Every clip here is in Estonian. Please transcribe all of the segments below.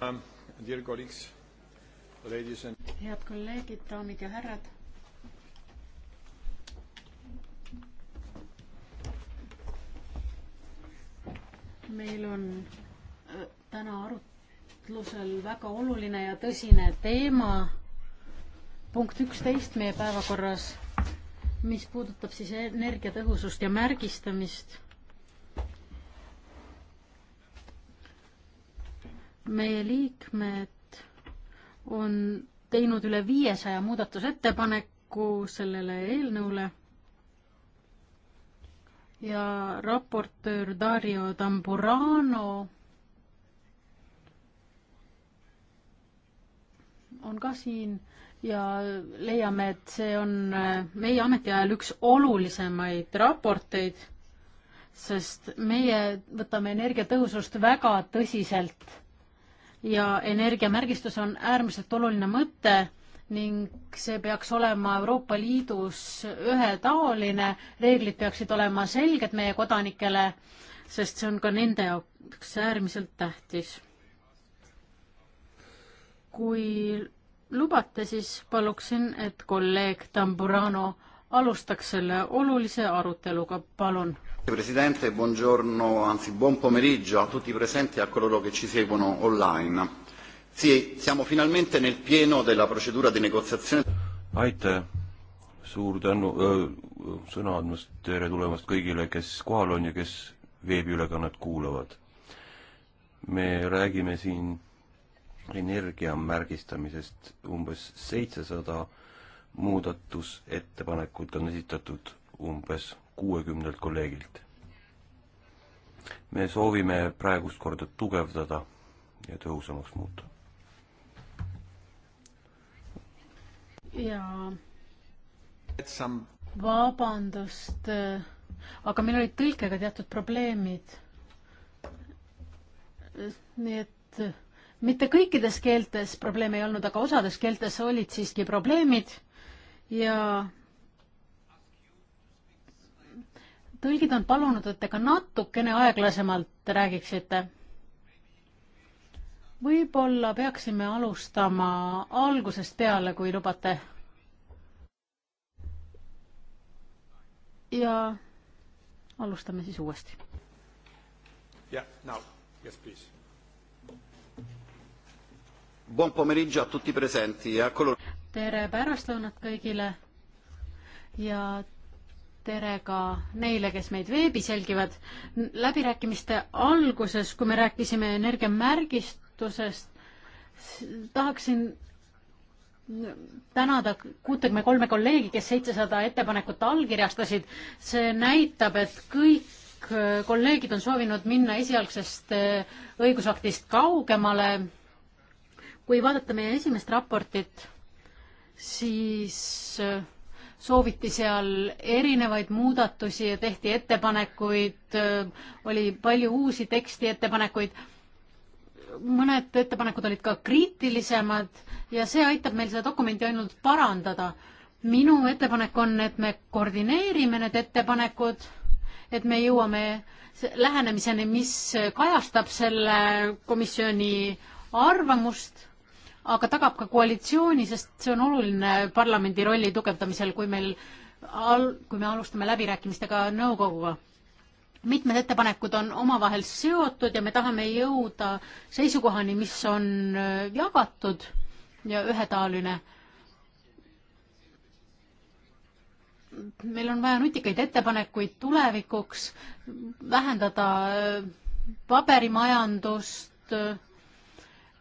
um,. And... head kolleegid, daamid ja härrad. meil on äh, täna arutlusel väga oluline ja tõsine teema, punkt üksteist meie päevakorras, mis puudutab siis energiatõhusust ja märgistamist meie liikmed on teinud üle viiesaja muudatusettepaneku sellele eelnõule ja raportöör Dario Tamburano on ka siin ja leiame, et see on äh, meie ametiajal üks olulisemaid raporteid, sest meie võtame energiatõhusust väga tõsiselt ja energiamärgistus on äärmiselt oluline mõte ning see peaks olema Euroopa Liidus ühetaoline, reeglid peaksid olema selged meie kodanikele, sest see on ka nende jaoks äärmiselt tähtis. kui lubate, siis paluksin, et kolleeg Tamburano alustaks selle olulise aruteluga, palun Presidente, buongiorno, anzi buon pomeriggio a tutti i presenti e a coloro che ci seguono online. Sì, siamo finalmente nel pieno della procedura di negoziazione. aitäh, suur tänu öö, sõna andmast, tere tulemast kõigile, kes kohal on ja kes veebiülekannet kuulavad. me räägime siin energia märgistamisest, umbes seitsesada muudatusettepanekut on esitatud umbes kuuekümnelt kolleegilt. me soovime praegust korda tugevdada ja tõhusamaks muuta. jaa. vabandust, aga meil olid tõlkega teatud probleemid. nii et mitte kõikides keeltes probleeme ei olnud, aga osades keeltes olid siiski probleemid ja tõlgid on palunud, et te ka natukene aeglasemalt räägiksite. võib-olla peaksime alustama algusest peale, kui lubate. ja alustame siis uuesti. jah yeah,, now, yes please. Buon pomeriggio a tutti presenti ja e color- tere pärastlõunat kõigile ja tere ka neile, kes meid veebis jälgivad. läbirääkimiste alguses, kui me rääkisime energiamärgistusest, tahaksin tänada kuutekümne kolme kolleegi, kes seitsesada ettepanekut allkirjastasid. see näitab, et kõik kolleegid on soovinud minna esialgsest eh, õigusaktist kaugemale. kui vaadata meie esimest raportit, siis eh, sooviti seal erinevaid muudatusi ja tehti ettepanekuid, oli palju uusi teksti ettepanekuid. mõned ettepanekud olid ka kriitilisemad ja see aitab meil seda dokumenti ainult parandada. minu ettepanek on, et me koordineerime need ettepanekud, et me jõuame lähenemiseni, mis kajastab selle komisjoni arvamust aga tagab ka koalitsiooni, sest see on oluline parlamendi rolli tugevdamisel, kui meil al-, kui me alustame läbirääkimistega nõukoguga. mitmed ettepanekud on omavahel seotud ja me tahame jõuda seisukohani, mis on äh, jagatud ja ühetaoline. meil on vaja nutikaid ettepanekuid tulevikuks, vähendada äh, paberimajandust, äh,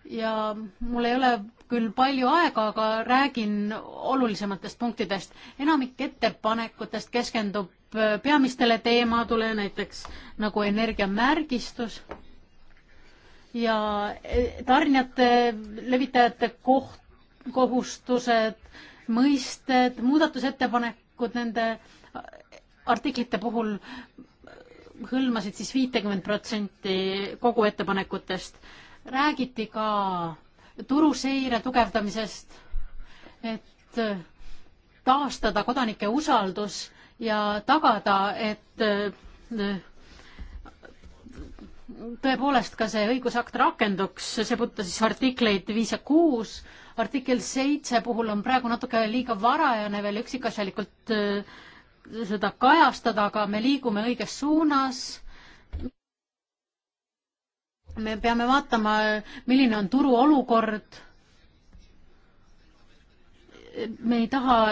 ja mul ei ole küll palju aega, aga räägin olulisematest punktidest. enamik ettepanekutest keskendub äh, peamistele teemadele, näiteks nagu energiamärgistus ja e, tarnijate, levitajate koht, kohustused, mõisted, muudatusettepanekud nende äh, artiklite puhul äh, hõlmasid siis viitekümmet protsenti kogu ettepanekutest räägiti ka turuseire tugevdamisest, et taastada kodanike usaldus ja tagada, et tõepoolest ka see õigusakt rakenduks, see puudutas siis artikleid viis ja kuus, artikkel seitse puhul on praegu natuke liiga varajane veel üksikasjalikult äh, seda kajastada, aga me liigume õiges suunas me peame vaatama, milline on turu olukord. me ei taha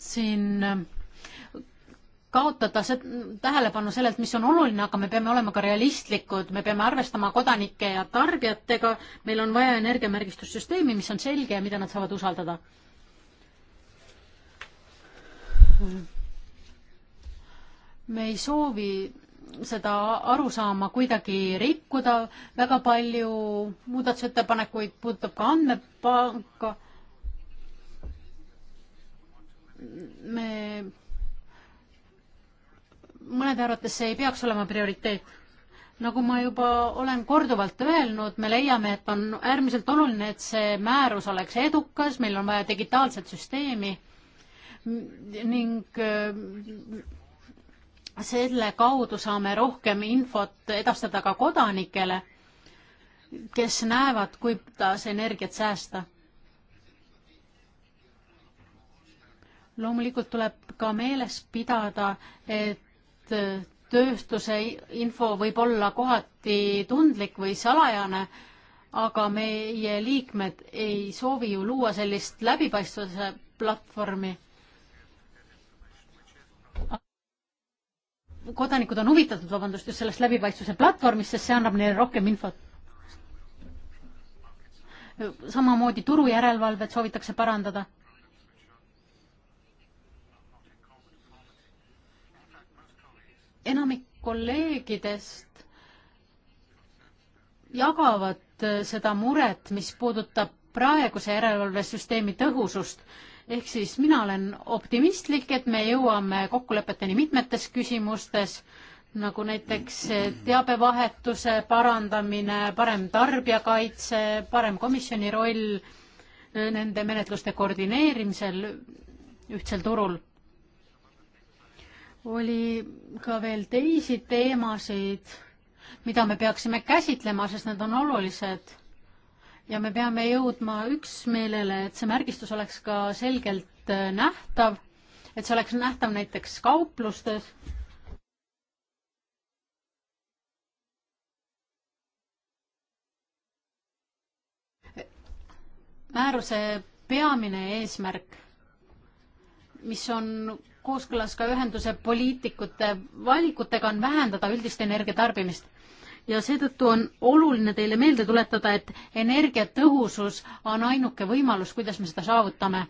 siin kaotada se-, tähelepanu sellelt, mis on oluline, aga me peame olema ka realistlikud, me peame arvestama kodanike ja tarbijatega, meil on vaja energiamärgistussüsteemi, mis on selge ja mida nad saavad usaldada. me ei soovi seda arusaama kuidagi rikkuda, väga palju muudatusettepanekuid puudutab ka andmepanka. me, mõnede arvates see ei peaks olema prioriteet. nagu ma juba olen korduvalt öelnud, me leiame, et on äärmiselt oluline, et see määrus oleks edukas, meil on vaja digitaalset süsteemi ning selle kaudu saame rohkem infot edastada ka kodanikele, kes näevad, kuidas energiat säästa. loomulikult tuleb ka meeles pidada, et tööstuse info võib olla kohati tundlik või salajane, aga meie liikmed ei soovi ju luua sellist läbipaistvuse platvormi kodanikud on huvitatud, vabandust, just sellest läbipaistvuse platvormist, sest see annab neile rohkem infot. samamoodi turujärelevalvet soovitakse parandada. enamik kolleegidest jagavad seda muret, mis puudutab praeguse järelevalvesüsteemi tõhusust ehk siis mina olen optimistlik, et me jõuame kokkulepeteni mitmetes küsimustes, nagu näiteks teabevahetuse parandamine, parem tarbijakaitse, parem komisjoni roll eh, nende menetluste koordineerimisel ühtsel turul. oli ka veel teisi teemasid, mida me peaksime käsitlema, sest need on olulised ja me peame jõudma üksmeelele, et see märgistus oleks ka selgelt äh, nähtav, et see oleks nähtav näiteks kauplustes. määruse peamine eesmärk, mis on kooskõlas ka ühenduse poliitikute valikutega, on vähendada üldist energiatarbimist ja seetõttu on oluline teile meelde tuletada, et energiatõhusus on ainuke võimalus, kuidas me seda saavutame.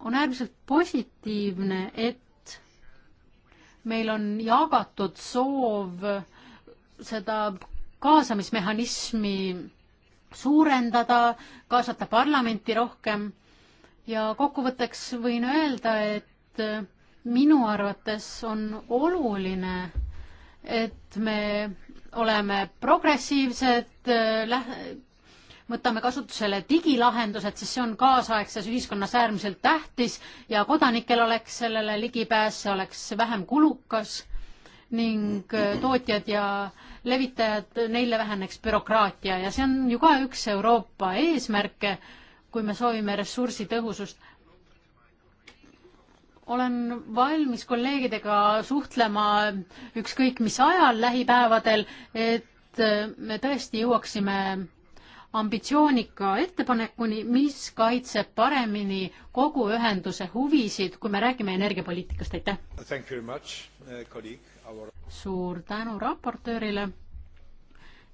on äärmiselt positiivne, et meil on jagatud soov seda kaasamismehhanismi suurendada, kaasata parlamenti rohkem ja kokkuvõtteks võin öelda, et minu arvates on oluline et me oleme progressiivsed, võtame kasutusele digilahendused, sest see on kaasaegses ühiskonnas äärmiselt tähtis ja kodanikel oleks sellele ligipääs, see oleks vähem kulukas ning tootjad ja levitajad, neile väheneks bürokraatia ja see on ju ka üks Euroopa eesmärke, kui me soovime ressursitõhusust olen valmis kolleegidega suhtlema ükskõik mis ajal lähipäevadel, et me tõesti jõuaksime ambitsioonika ettepanekuni, mis kaitseb paremini kogu ühenduse huvisid, kui me räägime energiapoliitikast, aitäh! Eh, Our... suur tänu raportöörile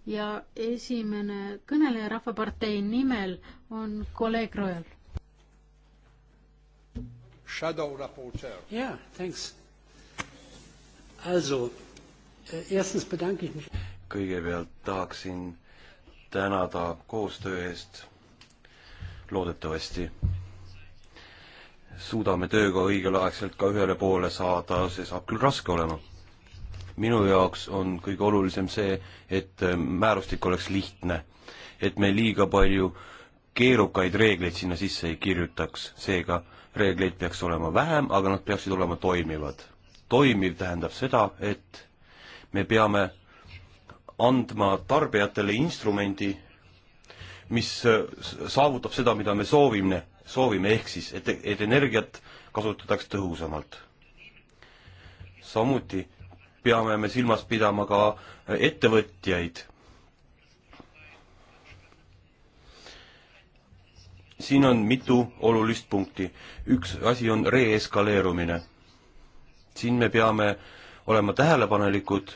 ja esimene kõneleja Rahvapartei nimel on kolleeg Rojal Shadow Rapporteur. Ja, thanks. Also, äh, erstens bedanke ich mich. kõigepealt tahaksin tänada koostöö eest. loodetavasti suudame tööga õigelaegselt ka õigel õigel õigel ühele poole saada, see saab küll raske olema. minu jaoks on kõige olulisem see, et määrustik oleks lihtne, et me liiga palju keerukaid reegleid sinna sisse ei kirjutaks, seega äh, reegleid peaks olema vähem, aga nad peaksid olema toimivad. toimiv tähendab seda, et me peame andma tarbijatele instrumendi, mis äh, saavutab seda, mida me soovime, soovime, ehk siis, et, et energiat kasutatakse tõhusamalt. samuti peame me silmas pidama ka äh, ettevõtjaid siin on mitu olulist punkti. üks asi on reeskaleerumine. siin me peame olema tähelepanelikud,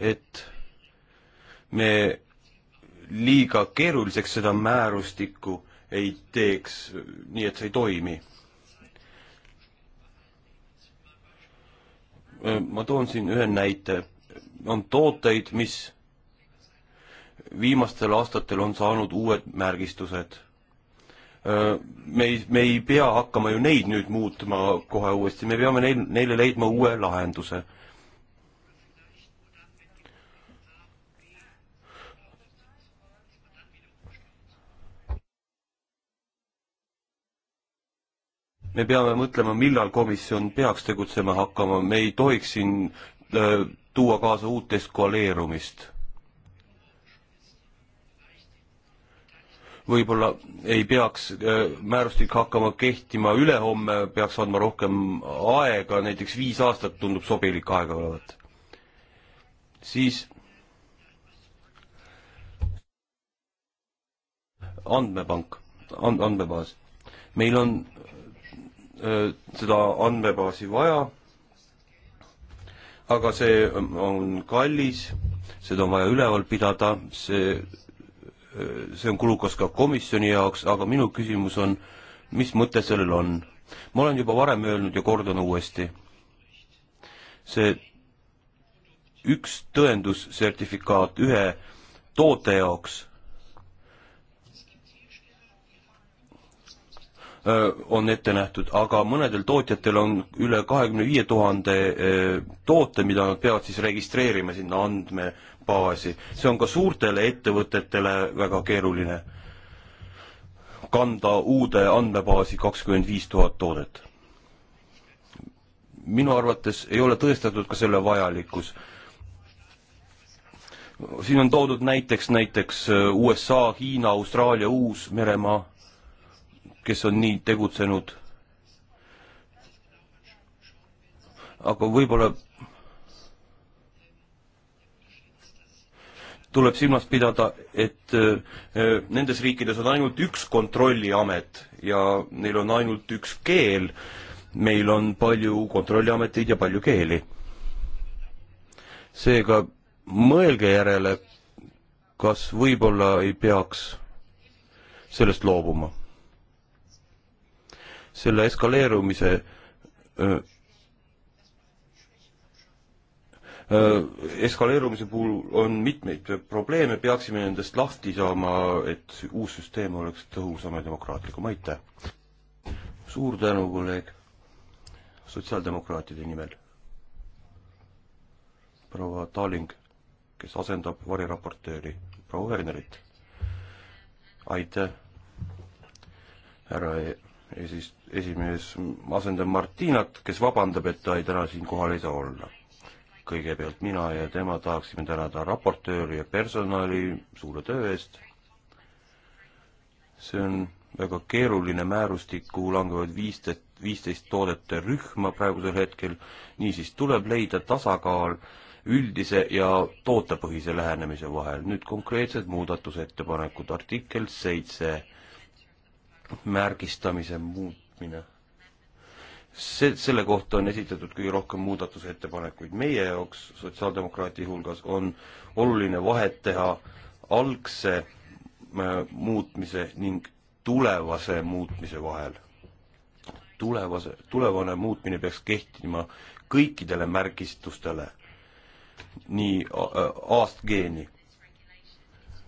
et me liiga keeruliseks seda määrustikku ei teeks, nii et see ei toimi. ma toon siin ühe näite. on tooteid, mis viimastel aastatel on saanud uued märgistused Äh, me ei, me ei pea hakkama ju neid nüüd muutma kohe uuesti, me peame neil, neile leidma uue lahenduse. me peame mõtlema, millal komisjon peaks tegutsema hakkama, me ei tohiks siin äh, tuua kaasa uut eskaleerumist võib-olla ei peaks äh, määrustik hakkama kehtima ülehomme, peaks andma rohkem aega, näiteks viis aastat tundub sobilik aega olevat. siis andmepank, and-, andmebaas. meil on öö, äh, seda andmebaasi vaja, aga see on kallis, seda on vaja üleval pidada, see see on kulukas ka komisjoni jaoks, aga minu küsimus on, mis mõte sellel on? ma olen juba varem öelnud ja kordan uuesti, see üks tõendussertifikaat ühe toote jaoks on ette nähtud, aga mõnedel tootjatel on üle kahekümne viie tuhande toote, mida nad peavad siis registreerima sinna andme baasi. see on ka suurtele ettevõtetele väga keeruline kanda uude andmebaasi kakskümmend viis tuhat toodet. minu arvates ei ole tõestatud ka selle vajalikkus. siin on toodud näiteks, näiteks äh, USA, Hiina, Austraalia, Uus-Meremaa, kes on nii tegutsenud, aga võib-olla tuleb silmas pidada, et äh, äh, nendes riikides on ainult üks kontrolliamet ja neil on ainult üks keel. meil on palju kontrolliameteid ja palju keeli. seega mõelge järele, kas võib-olla ei peaks sellest loobuma. selle eskaleerumise öö, äh, Äh, eskaleerumise puhul on mitmeid probleeme, peaksime nendest lahti saama, et uus süsteem oleks tõhusam ja demokraatlikum, aitäh! suur tänu, kolleeg, sotsiaaldemokraatide nimel. proua Taling, kes asendab variraportööri, proua Wernerit. aitäh, härra e-, esis-, esimees, ma asendan Martinat, kes vabandab, et ta ei, täna siin kohal ei saa olla kõigepealt mina ja tema tahaksime tänada raportööri ja personali suure töö eest. see on väga keeruline määrustik, kuhu langevad viisteist, viisteist toodete rühma praegusel hetkel, niisiis tuleb leida tasakaal üldise ja tootepõhise lähenemise vahel. nüüd konkreetsed muudatusettepanekud, artikkel seitse, märgistamise muutmine see, selle kohta on esitatud kõige rohkem muudatusettepanekuid. meie jaoks, sotsiaaldemokraati hulgas, on oluline vahet teha algse äh, muutmise ning tulevase muutmise vahel. tulevase, tulevane muutmine peaks kehtima kõikidele märgistustele, nii aastgeeni äh,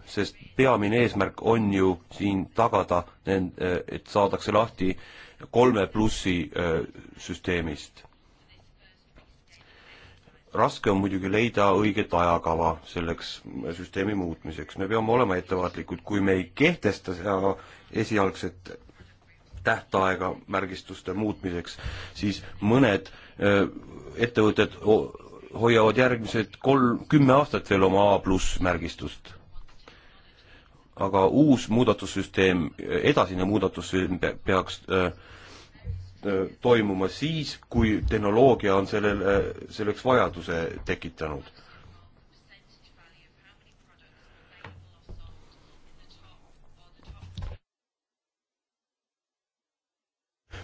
sest peamine eesmärk on ju siin tagada, äh, et saadakse lahti kolme plussi süsteemist. raske on muidugi leida õiget ajakava selleks äh, süsteemi muutmiseks, me peame olema ettevaatlikud, kui me ei kehtesta seda esialgset tähtaega märgistuste muutmiseks, siis mõned ettevõtted hoiavad järgmised kolm, kümme aastat veel oma A pluss märgistust aga uus muudatussüsteem, edasine muudatussüsteem peaks öö, äh, äh, toimuma siis, kui tehnoloogia on sellele, äh, selleks vajaduse tekitanud.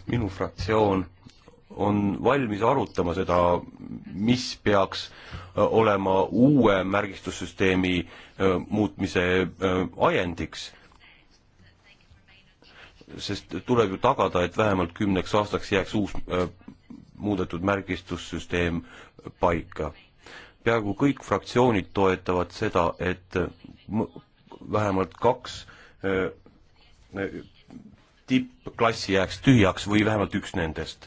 minu fraktsioon on valmis arutama seda, mis peaks äh, olema uue märgistussüsteemi äh, muutmise äh, ajendiks. sest tuleb ju tagada, et vähemalt kümneks aastaks jääks uus muudetud märgistussüsteem paika. peaaegu kõik fraktsioonid toetavad seda, et vähemalt kaks tippklassi jääks tühjaks või vähemalt üks nendest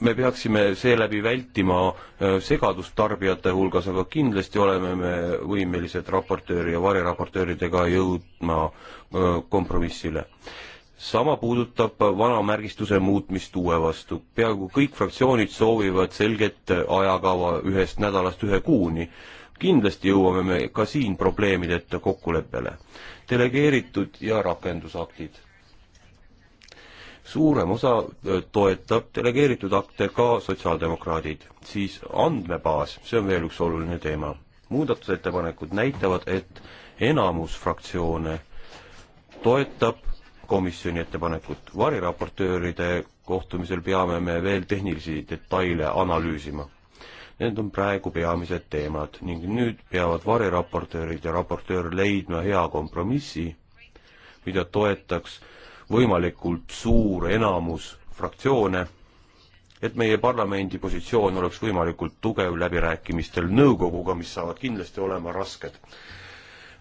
me peaksime seeläbi vältima äh, segadust tarbijate hulgas, aga kindlasti oleme me võimelised raportööri ja variraportööridega jõudma äh, kompromissile. sama puudutab vana märgistuse muutmist uue vastu. peaaegu kõik fraktsioonid soovivad selget ajakava ühest nädalast ühe kuuni. kindlasti jõuame me ka siin probleemideta kokkuleppele. delegeeritud ja rakendusaktid suurem osa toetab delegeeritud akte ka sotsiaaldemokraadid, siis andmebaas, see on veel üks oluline teema. muudatusettepanekud näitavad, et enamus fraktsioone toetab komisjoni ettepanekut. variraportööride kohtumisel peame me veel tehnilisi detaile analüüsima. Need on praegu peamised teemad ning nüüd peavad variraportöörid ja raportöör leidma hea kompromissi, mida toetaks äh, võimalikult suur enamus fraktsioone, et meie parlamendi positsioon oleks võimalikult tugev läbirääkimistel nõukoguga, mis saavad kindlasti olema rasked.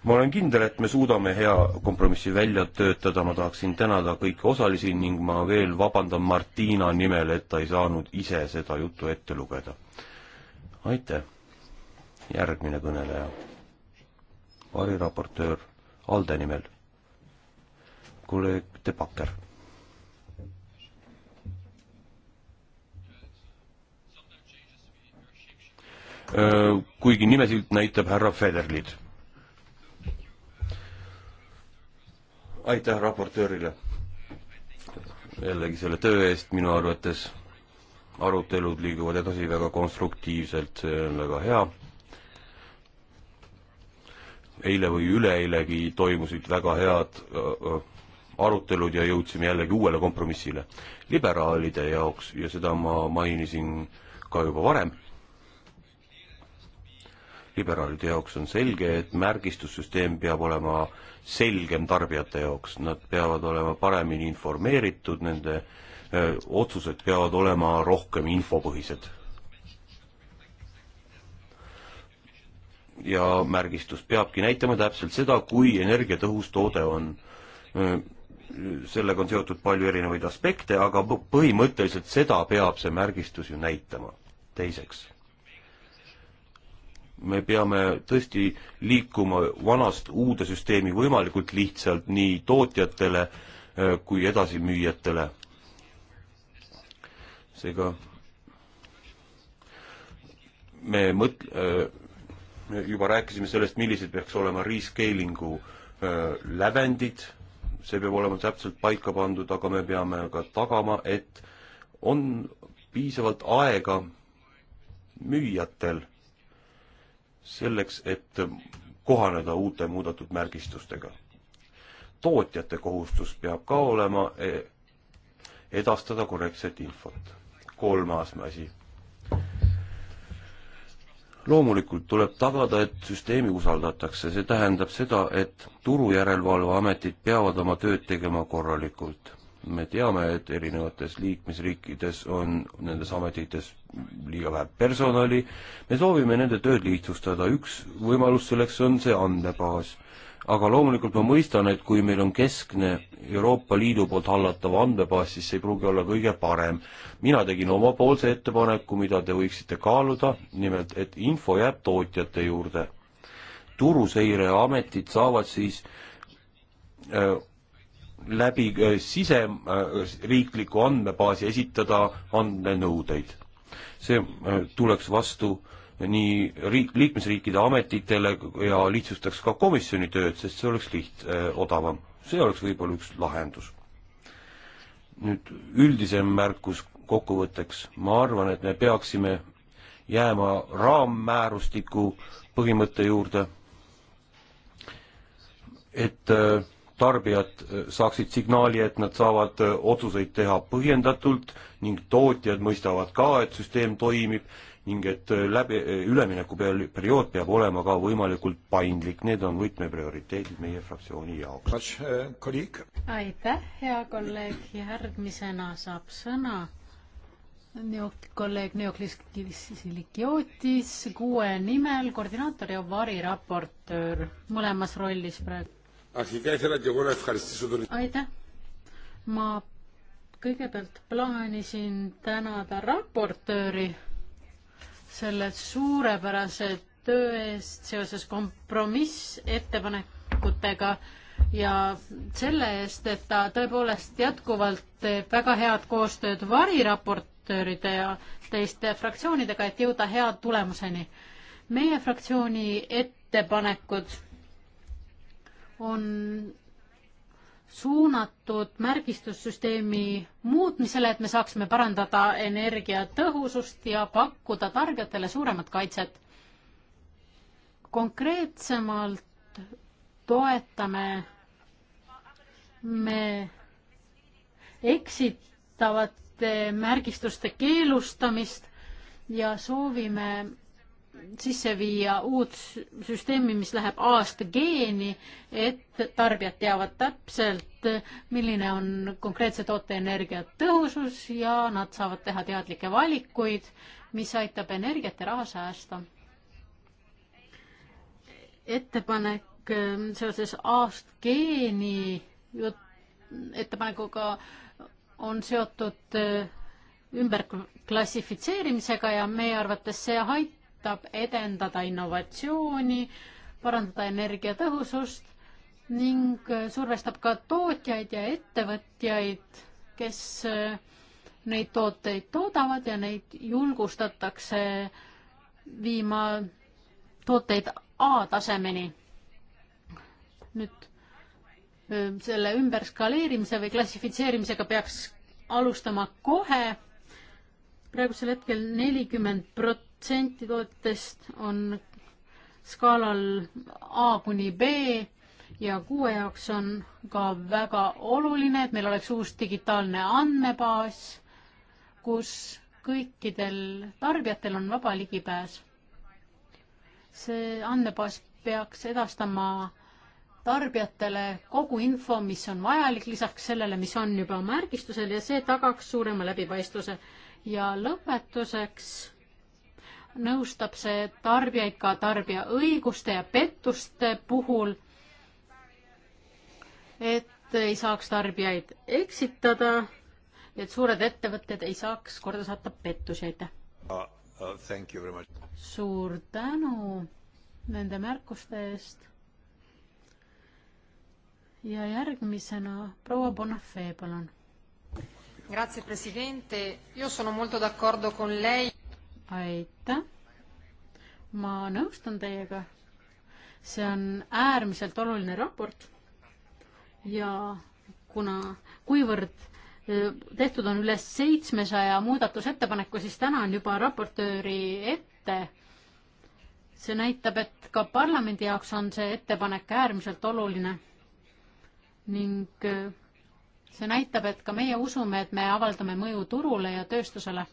ma olen kindel, et me suudame hea kompromissi välja töötada, ma tahaksin tänada kõiki osalisi ning ma veel vabandan Martina nimel, et ta ei saanud ise seda juttu ette lugeda. aitäh! järgmine kõneleja, variraportöör Alde nimel kolleeg De Backer. kuigi nimesilt näitab härra Federlit. aitäh raportöörile jällegi selle töö eest, minu arvates arutelud liiguvad edasi väga konstruktiivselt, see on väga hea. eile või üleeilegi toimusid väga head öö, öö, arutelud ja jõudsime jällegi uuele kompromissile. liberaalide jaoks, ja seda ma mainisin ka juba varem, liberaalide jaoks on selge, et märgistussüsteem peab olema selgem tarbijate jaoks, nad peavad olema paremini informeeritud, nende öö, otsused peavad olema rohkem infopõhised. ja märgistus peabki näitama täpselt seda, kui energiatõhus toode on sellega on seotud palju erinevaid aspekte, aga põhimõtteliselt seda peab see märgistus ju näitama. teiseks, me peame tõesti liikuma vanast uude süsteemi võimalikult lihtsalt nii tootjatele äh, kui edasimüüjatele. seega me mõt-, äh, juba rääkisime sellest, millised peaks olema rescaling'u äh, lävendid see peab olema täpselt paika pandud, aga me peame ka tagama, et on piisavalt aega müüjatel selleks, et kohaneda uute muudatud märgistustega. tootjate kohustus peab ka olema e, edastada korrektset infot. kolmas asi loomulikult tuleb tagada, et süsteemi usaldatakse, see tähendab seda, et turujärelevalveametid peavad oma tööd tegema korralikult. me teame, et erinevates liikmesriikides on nendes ametites liiga vähe personali, me soovime nende tööd lihtsustada, üks võimalus selleks on see andmebaas aga loomulikult ma mõistan, et kui meil on keskne Euroopa Liidu poolt hallatav andmebaas, siis see ei pruugi olla kõige parem. mina tegin omapoolse ettepaneku, mida te võiksite kaaluda, nimelt et info jääb tootjate juurde. turuseireametid saavad siis äh, läbi äh, siseriikliku äh, andmebaasi esitada andmenõudeid. see äh, tuleks vastu äh, nii riik, liikmesriikide ametitele ja lihtsustaks ka komisjoni tööd, sest see oleks liht-, äh, odavam. see oleks võib-olla üks lahendus. nüüd üldisem märkus kokkuvõtteks, ma arvan, et me peaksime jääma raammäärustiku põhimõtte juurde, et äh, tarbijad äh, saaksid signaali, et nad saavad otsuseid teha põhjendatult ning tootjad mõistavad ka, et süsteem toimib ning et äh, läbi, äh, üleminekuperiood peab olema ka võimalikult paindlik, need on võtmeprioriteedid meie fraktsiooni jaoks. Äh, aitäh, hea kolleeg, järgmisena saab sõna kolleeg Neoklis Silikiotis, kuue nimel koordinaator ja variraportöör, mõlemas rollis praegu. aitäh, ma kõigepealt plaanisin tänada raportööri selle suurepärase töö eest seoses kompromissettepanekutega ja selle eest, et ta tõepoolest jätkuvalt teeb väga head koostööd variraportööride ja teiste fraktsioonidega, et jõuda hea tulemuseni. meie fraktsiooni ettepanekud on suunatud märgistussüsteemi muutmisele, et me saaksime parandada energiatõhusust ja pakkuda tarbijatele suuremat kaitset. konkreetsemalt toetame me eksitavate märgistuste keelustamist ja soovime sisse viia uut süsteemi, mis läheb aasta geeni, et tarbijad teavad täpselt, milline on konkreetse toote energiatõhusus ja nad saavad teha teadlikke valikuid, mis aitab energiat ja raha säästa. ettepanek ähm, seoses aast geeni ettepanekuga on seotud äh, ümberklassifitseerimisega ja meie arvates see aitab edendada innovatsiooni, parandada energiatõhusust ning survestab ka tootjaid ja ettevõtjaid, kes äh, neid tooteid toodavad ja neid julgustatakse viima tooteid A-tasemeni. nüüd äh, selle ümberskaleerimise või klassifitseerimisega peaks alustama kohe praegusel hetkel nelikümmend prot-, protsenti tootest on skaalal A kuni B ja kuue jaoks on ka väga oluline, et meil oleks uus digitaalne andmebaas, kus kõikidel tarbijatel on vaba ligipääs. see andmebaas peaks edastama tarbijatele kogu info, mis on vajalik lisaks sellele, mis on juba märgistusel ja see tagaks suurema läbipaistvuse. ja lõpetuseks nõustab see tarbijaid ka tarbija õiguste ja pettuste puhul, et ei saaks tarbijaid eksitada, et suured ettevõtted ei saaks korda saata pettusi, aitäh uh,! Uh, suur tänu nende märkuste eest. ja järgmisena proua Bonafé, palun. Grazie Presidente, io sono molto d'accordo con lei aitäh. ma nõustun teiega. see on äärmiselt oluline raport ja kuna, kuivõrd eh, tehtud on üle seitsmesaja muudatusettepaneku, siis tänan juba raportööri ette. see näitab, et ka parlamendi jaoks on see ettepanek äärmiselt oluline ning eh, see näitab, et ka meie usume, et me avaldame mõju turule ja tööstusele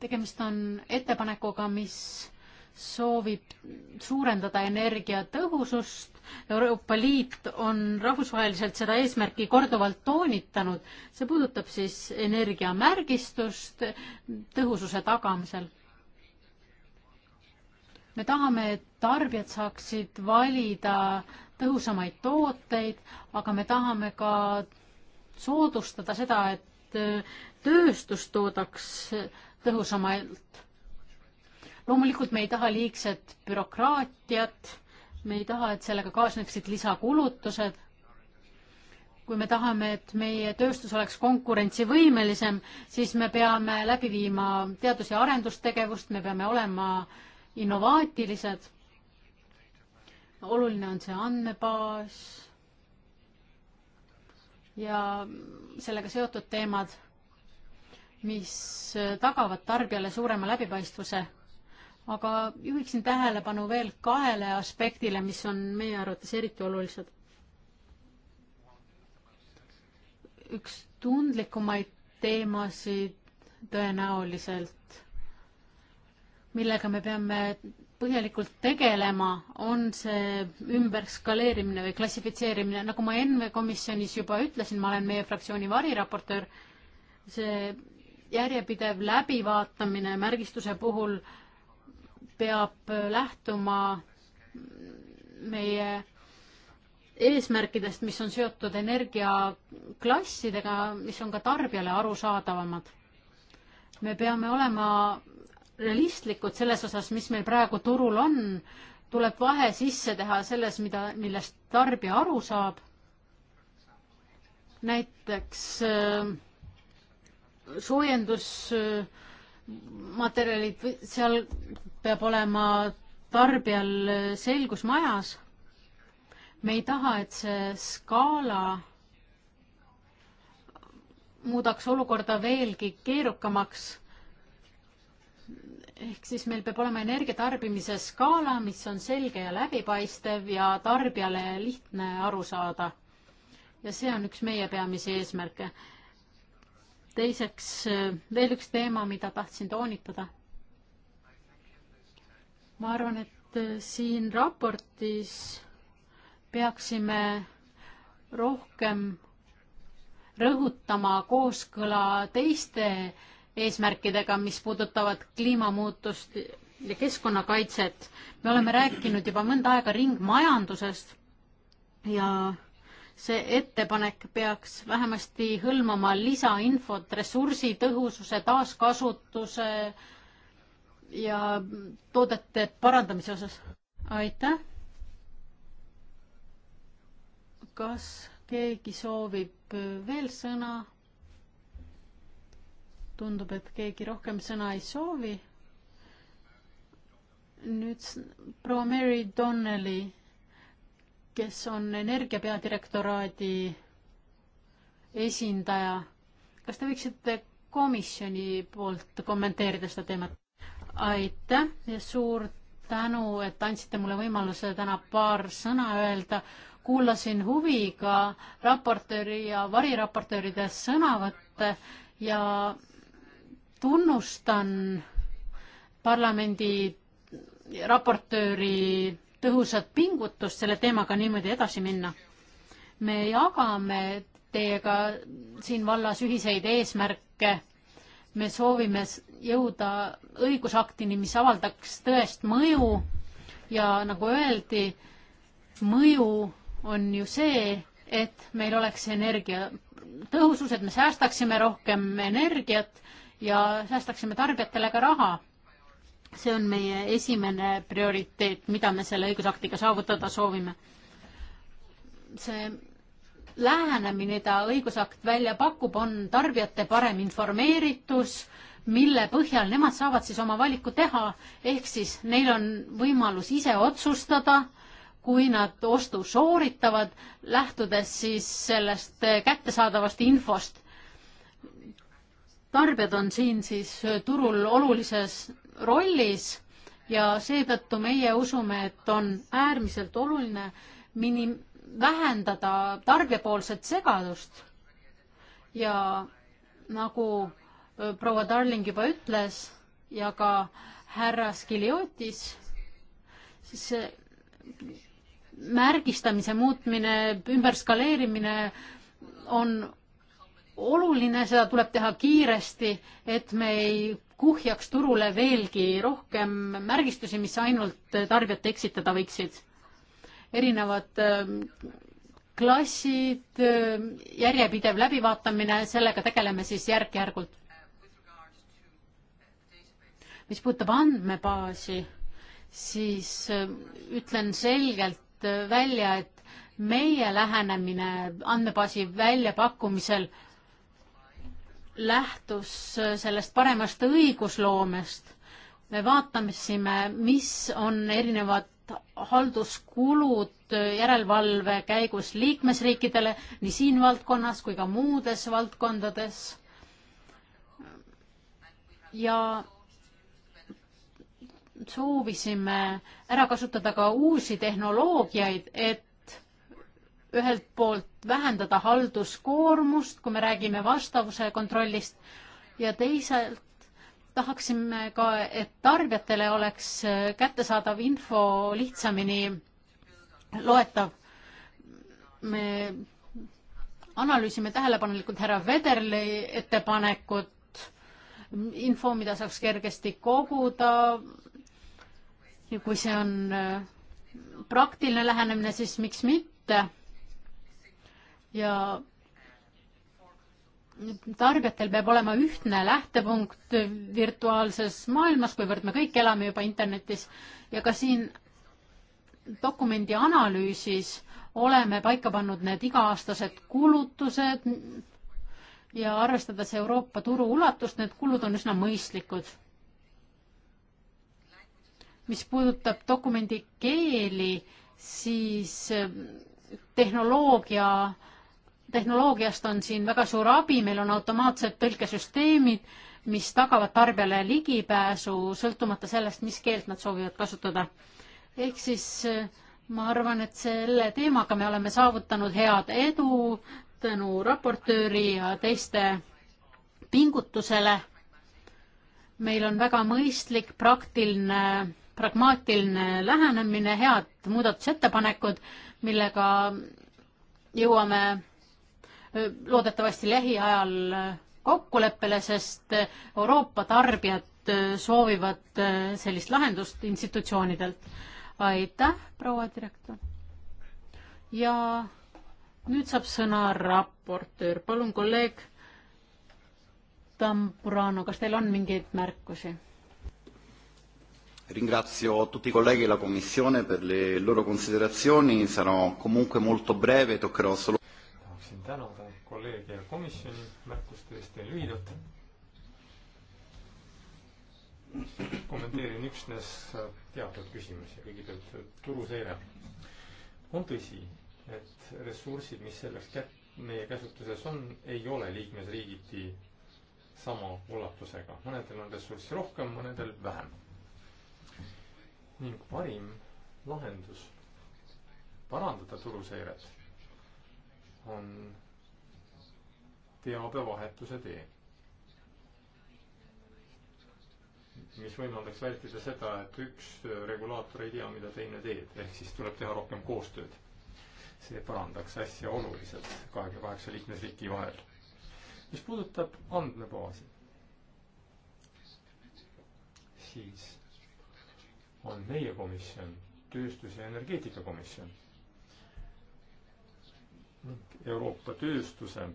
tegemist on ettepanekuga, mis soovib suurendada energiatõhusust. Euroopa Liit on rahvusvaheliselt seda eesmärki korduvalt toonitanud. see puudutab siis energiamärgistust tõhususe tagamisel. me tahame, et tarbijad saaksid valida tõhusamaid tooteid, aga me tahame ka soodustada seda, et tööstus toodaks tõhusamalt. loomulikult me ei taha liigset bürokraatiat, me ei taha, et sellega kaasneksid lisakulutused. kui me tahame, et meie tööstus oleks konkurentsivõimelisem, siis me peame läbi viima teadus- ja arendustegevust, me peame olema innovaatilised. oluline on see andmebaas ja sellega seotud teemad mis tagavad tarbijale suurema läbipaistvuse. aga juhiksin tähelepanu veel kahele aspektile, mis on meie arvates eriti olulised. üks tundlikumaid teemasid tõenäoliselt, millega me peame põhjalikult tegelema, on see ümberskaleerimine või klassifitseerimine, nagu ma enne komisjonis juba ütlesin, ma olen meie fraktsiooni variraportöör, see järjepidev läbivaatamine märgistuse puhul peab lähtuma meie eesmärkidest, mis on seotud energiaklassidega, mis on ka tarbijale arusaadavamad. me peame olema realistlikud selles osas, mis meil praegu turul on, tuleb vahe sisse teha selles, mida, millest tarbija aru saab. näiteks äh, soojendusmaterjalid, seal peab olema tarbijal selgus majas. me ei taha, et see skaala muudaks olukorda veelgi keerukamaks. ehk siis meil peab olema energiatarbimise skaala, mis on selge ja läbipaistev ja tarbijale lihtne aru saada. ja see on üks meie peamisi eesmärke teiseks veel üks teema, mida tahtsin toonitada. ma arvan, et siin raportis peaksime rohkem rõhutama kooskõla teiste eesmärkidega, mis puudutavad kliimamuutust ja keskkonnakaitset. me oleme rääkinud juba mõnda aega ringmajandusest ja see ettepanek peaks vähemasti hõlmama lisainfot ressursitõhususe, taaskasutuse ja toodete parandamise osas. aitäh. kas keegi soovib veel sõna? tundub, et keegi rohkem sõna ei soovi. nüüd proua Mary Donnelly kes on Energia peadirektoraadi esindaja. kas te võiksite komisjoni poolt kommenteerida seda teemat? aitäh ja suur tänu, et andsite mulle võimaluse täna paar sõna öelda. kuulasin huviga raportööri ja variraportööride sõnavõtte ja tunnustan parlamendi raportööri tõhusat pingutust selle teemaga niimoodi edasi minna. me jagame teiega siin vallas ühiseid eesmärke. me soovime jõuda õigusaktini, mis avaldaks tõest mõju ja nagu öeldi, mõju on ju see, et meil oleks energia tõhusus, et me säästaksime rohkem energiat ja säästaksime tarbijatele ka raha see on meie esimene prioriteet, mida me selle õigusaktiga saavutada soovime. see lähenemine, mida õigusakt välja pakub, on tarbijate parem informeeritus, mille põhjal nemad saavad siis oma valiku teha, ehk siis neil on võimalus ise otsustada, kui nad ostu sooritavad, lähtudes siis sellest kättesaadavast infost. tarbijad on siin siis turul olulises rollis ja seetõttu meie usume, et on äärmiselt oluline minim-, vähendada tarbijapoolset segadust. ja nagu proua Darling juba ütles ja ka härra Skiliotis, siis märgistamise muutmine, ümberskaleerimine on oluline, seda tuleb teha kiiresti, et me ei kuhjaks turule veelgi rohkem märgistusi, mis ainult tarbijat eksitada võiksid. erinevad äh, klassid, äh, järjepidev läbivaatamine, sellega tegeleme siis järk-järgult. mis puudutab andmebaasi, siis äh, ütlen selgelt välja, et meie lähenemine andmebaasi väljapakkumisel lähtus sellest paremast õigusloomest. me vaatasime, mis on erinevad halduskulud järelevalve käigus liikmesriikidele nii siin valdkonnas kui ka muudes valdkondades. ja soovisime ära kasutada ka uusi tehnoloogiaid, et ühelt poolt vähendada halduskoormust, kui me räägime vastavuse kontrollist ja teisalt tahaksime ka, et tarbijatele oleks kättesaadav info lihtsamini loetav. me analüüsime tähelepanelikult härra Vederli ettepanekut, info, mida saaks kergesti koguda ja kui see on praktiline lähenemine, siis miks mitte ja tarbijatel peab olema ühtne lähtepunkt virtuaalses maailmas, kuivõrd me kõik elame juba internetis ja ka siin dokumendi analüüsis oleme paika pannud need iga-aastased kulutused ja arvestades Euroopa turu ulatust, need kulud on üsna mõistlikud. mis puudutab dokumendi keeli, siis tehnoloogia äh, tehnoloogiast on siin väga suur abi, meil on automaatsed tõlkesüsteemid, mis tagavad tarbijale ligipääsu sõltumata sellest, mis keelt nad soovivad kasutada. ehk siis eh, ma arvan, et selle teemaga me oleme saavutanud head edu tänu raportööri ja teiste pingutusele. meil on väga mõistlik, praktiline, pragmaatiline lähenemine, head muudatusettepanekud, millega jõuame loodetavasti lähiajal kokkuleppele, sest Euroopa tarbijad soovivad sellist lahendust institutsioonidelt. aitäh, proua direktor. ja nüüd saab sõna raportöör, palun, kolleeg Tamburano, kas teil on mingeid märkusi? Ringrazio tutti i colleghi e la Commissione per le loro considerazioni, sarò comunque molto breve, toccherò solo... Tahaksin tänada komisjoni märkustest teen lühidalt. kommenteerin üksnes teatud küsimusi, kõigepealt turuseire. on tõsi, et ressursid, mis selleks kätt-, meie käsutuses on, ei ole liikmesriigiti sama ulatusega, mõnedel on ressurssi rohkem, mõnedel vähem. ning parim lahendus parandada turuseiret on teabevahetuse tee. mis võimaldaks vältida seda, et üks regulaator ei tea, mida teine teeb, ehk siis tuleb teha rohkem koostööd. see parandaks asja oluliselt kahekümne kaheksa liikmesriigi vahel. mis puudutab andmebaasi, siis on meie komisjon tööstus- ja energeetikakomisjon ning Euroopa tööstuse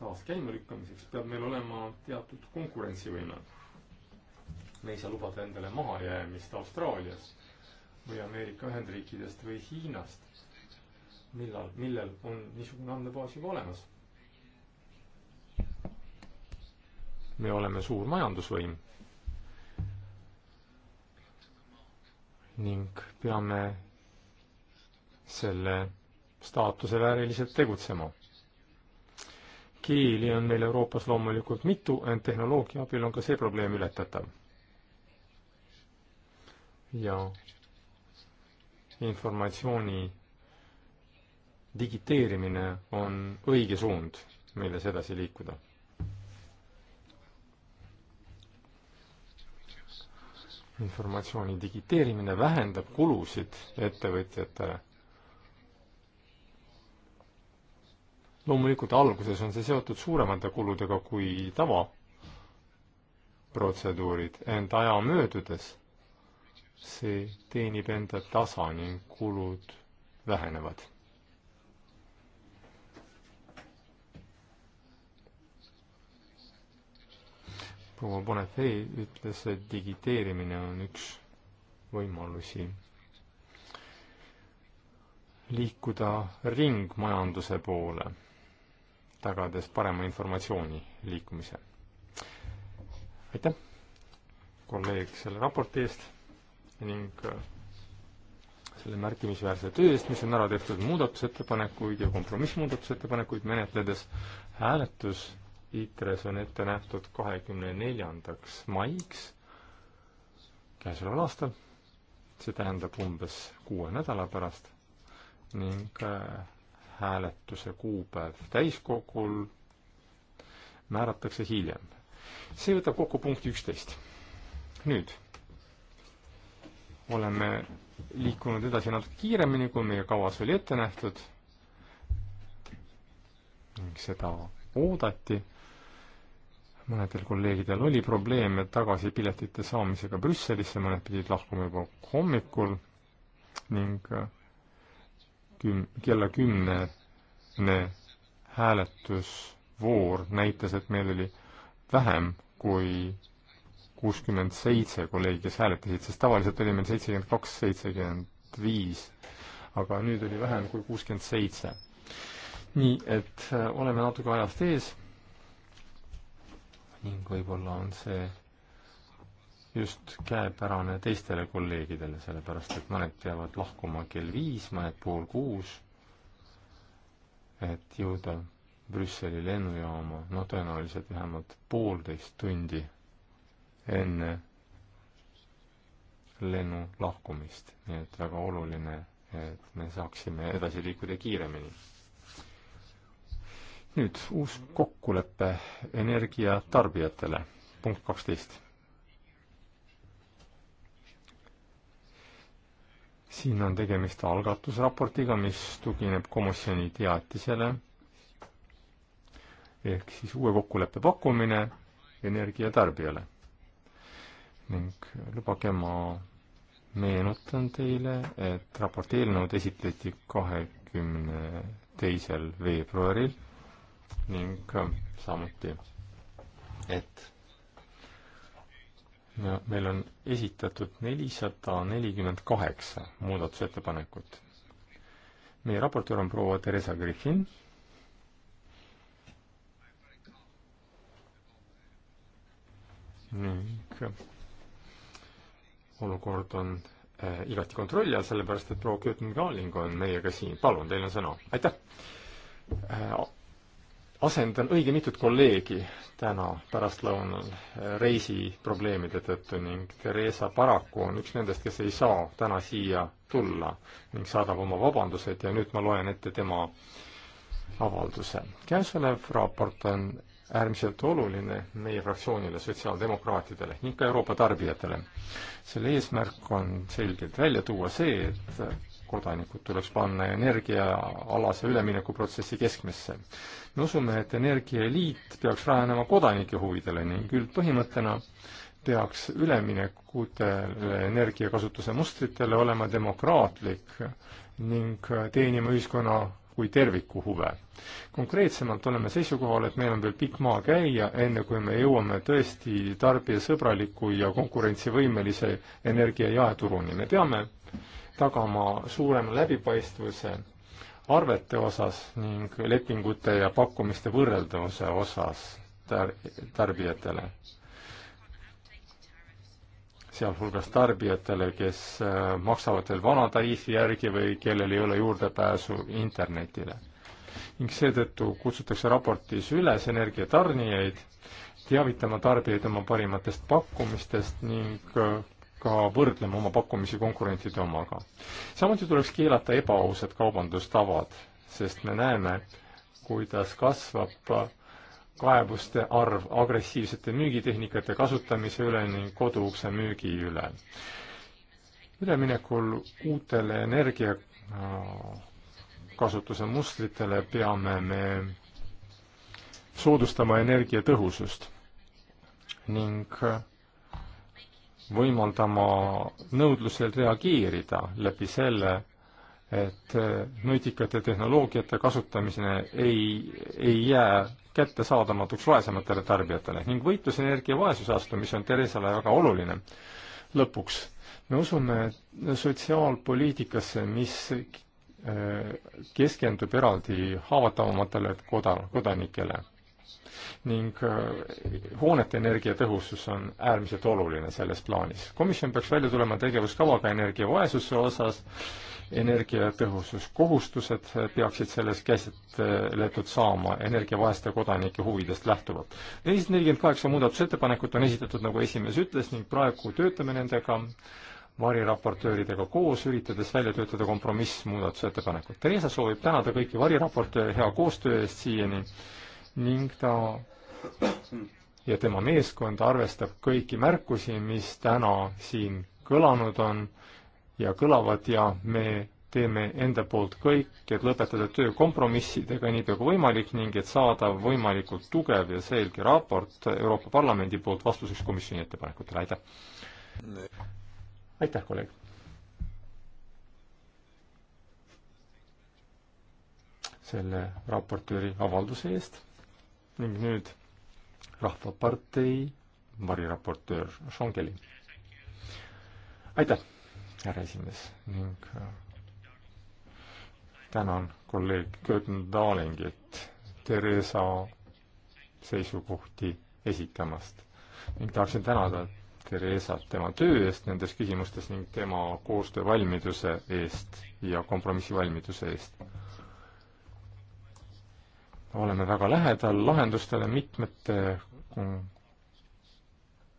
taas käimalükkamiseks, peab meil olema teatud konkurentsivõime. me ei saa lubada endale mahajäämist Austraalias või Ameerika Ühendriikidest või Hiinast, millal, millel on niisugune andmebaas juba olemas. me oleme suur majandusvõim ning peame selle staatuse vääriliselt tegutsema keeli on meil Euroopas loomulikult mitu, ent tehnoloogia abil on ka see probleem ületatav. ja informatsiooni digiteerimine on õige suund, milles edasi liikuda. informatsiooni digiteerimine vähendab kulusid ettevõtjatele loomulikult alguses on see seotud suuremate kuludega kui tavaprotseduurid, ent aja möödudes see teenib enda tasa ning kulud vähenevad. proua Bonifei ütles, et digiteerimine on üks võimalusi liikuda ringmajanduse poole tagades parema informatsiooni liikumise. aitäh, kolleeg, selle raporti eest ning äh, selle märkimisväärse töö eest, mis on ära tehtud muudatusettepanekuid ja kompromissmuudatusettepanekuid menetledes. hääletus ITRE-s on ette nähtud kahekümne neljandaks maiks käesoleval aastal, see tähendab umbes kuue nädala pärast ning äh, hääletuse kuupäev täiskogul määratakse hiljem. see võtab kokku punkti üksteist. nüüd oleme liikunud edasi natuke kiiremini, kui meie kavas oli ette nähtud. seda oodati. mõnedel kolleegidel oli probleeme tagasi piletite saamisega Brüsselisse, mõned pidid lahkuma juba hommikul ning küm-, kella kümnene hääletusvoor näitas, et meil oli vähem kui kuuskümmend seitse kolleegi, kes hääletasid, sest tavaliselt oli meil seitsekümmend kaks, seitsekümmend viis, aga nüüd oli vähem kui kuuskümmend seitse. nii et äh, oleme natuke ajast ees ning võib-olla on see just käepärane teistele kolleegidele, sellepärast et mõned peavad lahkuma kell viis, mõned pool kuus, et jõuda Brüsseli lennujaama, no tõenäoliselt vähemalt poolteist tundi enne lennu lahkumist, nii et väga oluline, et me saaksime edasi liikuda kiiremini. nüüd uus kokkulepe energiatarbijatele, punkt kaksteist siin on tegemist algatusraportiga, mis tugineb komisjoni teatisele ehk siis uue kokkuleppe pakkumine energiatarbijale. ning lubage, ma meenutan teile, et raporti eelnõud esitleti kahekümne teisel veebruaril ning samuti, et no meil on esitatud nelisada nelikümmend kaheksa muudatusettepanekut. meie raportöör on proua Theresa Griffin. ning olukord on äh, igati kontrolli all, sellepärast et proua Kürten Kaaling on meiega siin. palun, teil on sõna. aitäh äh,! asendan õige mitut kolleegi täna pärastlõunal reisiprobleemide tõttu ning Theresa paraku on üks nendest, kes ei saa täna siia tulla ning saadab oma vabandused ja nüüd ma loen ette tema avalduse. käesolev raport on äärmiselt oluline meie fraktsioonile, sotsiaaldemokraatidele ning ka Euroopa tarbijatele. selle eesmärk on selgelt välja tuua see, et kodanikud tuleks panna energiaalase üleminekuprotsessi keskmesse. me usume, et Energialiit peaks rajanema kodanike huvidele ning üldpõhimõttena peaks üleminekutele energiakasutuse mustritele olema demokraatlik ning teenima ühiskonna kui terviku huve. konkreetsemalt oleme seisukohal, et meil on veel pikk maa käia, enne kui me jõuame tõesti tarbijasõbraliku ja konkurentsivõimelise energia jaeturuni. me peame tagama suurema läbipaistvuse arvete osas ning lepingute ja pakkumiste võrreldavuse osas tar-, tarbijatele. sealhulgas tarbijatele, kes äh, maksavad veel vana tariifi järgi või kellel ei ole juurdepääsu internetile. ning seetõttu kutsutakse raportis üles energiatarnijaid teavitama tarbijaid oma parimatest pakkumistest ning äh, ka võrdlema oma pakkumisi konkurentide omaga. samuti tuleks keelata ebaausad kaubandustavad, sest me näeme, kuidas kasvab kaebuste arv agressiivsete müügitehnikate kasutamise üle ning koduukse müügi üle. üleminekul uutele energiakasutuse äh, mustritele peame me soodustama energiatõhusust ning äh, võimaldama nõudlusel reageerida läbi selle, et äh, nutikate tehnoloogiate kasutamine ei, ei jää kättesaadamatuks vaesematele tarbijatele ning võitlus energia vaesuse vastu, mis on tervisele väga oluline. lõpuks, me usume sotsiaalpoliitikasse, mis äh, keskendub eraldi haavatavamatele koda-, kodanikele ning äh, hoonete energiatõhusus on äärmiselt oluline selles plaanis. komisjon peaks välja tulema tegevuskavaga energiavaesuse osas, energiatõhususkohustused peaksid selles käsitletud saama energiavaeste kodanike huvidest lähtuvalt. nelisada nelikümmend kaheksa muudatusettepanekut on esitatud, nagu esimees ütles, ning praegu töötame nendega variraportööridega koos, üritades välja töötada kompromiss muudatusettepanekut. Theresa soovib tänada kõiki variraportööre hea koostöö eest siiani ning ta ja tema meeskond arvestab kõiki märkusi, mis täna siin kõlanud on ja kõlavad ja me teeme enda poolt kõik, et lõpetada töö kompromissidega niipea kui võimalik ning et saada võimalikult tugev ja selge raport Euroopa Parlamendi poolt vastuseks komisjoni ettepanekutele, aitäh! aitäh, kolleeg! selle raportööri avalduse eest ning nüüd Rahvapartei variraportöör Sean Kelly. aitäh, härra esimees ning äh, tänan kolleeg Gerd Dalingit Theresa seisukohti esitamast ning tahaksin tänada Theresat tema töö eest nendes küsimustes ning tema koostöövalmiduse eest ja kompromissivalmiduse eest oleme väga lähedal lahendustele mitmete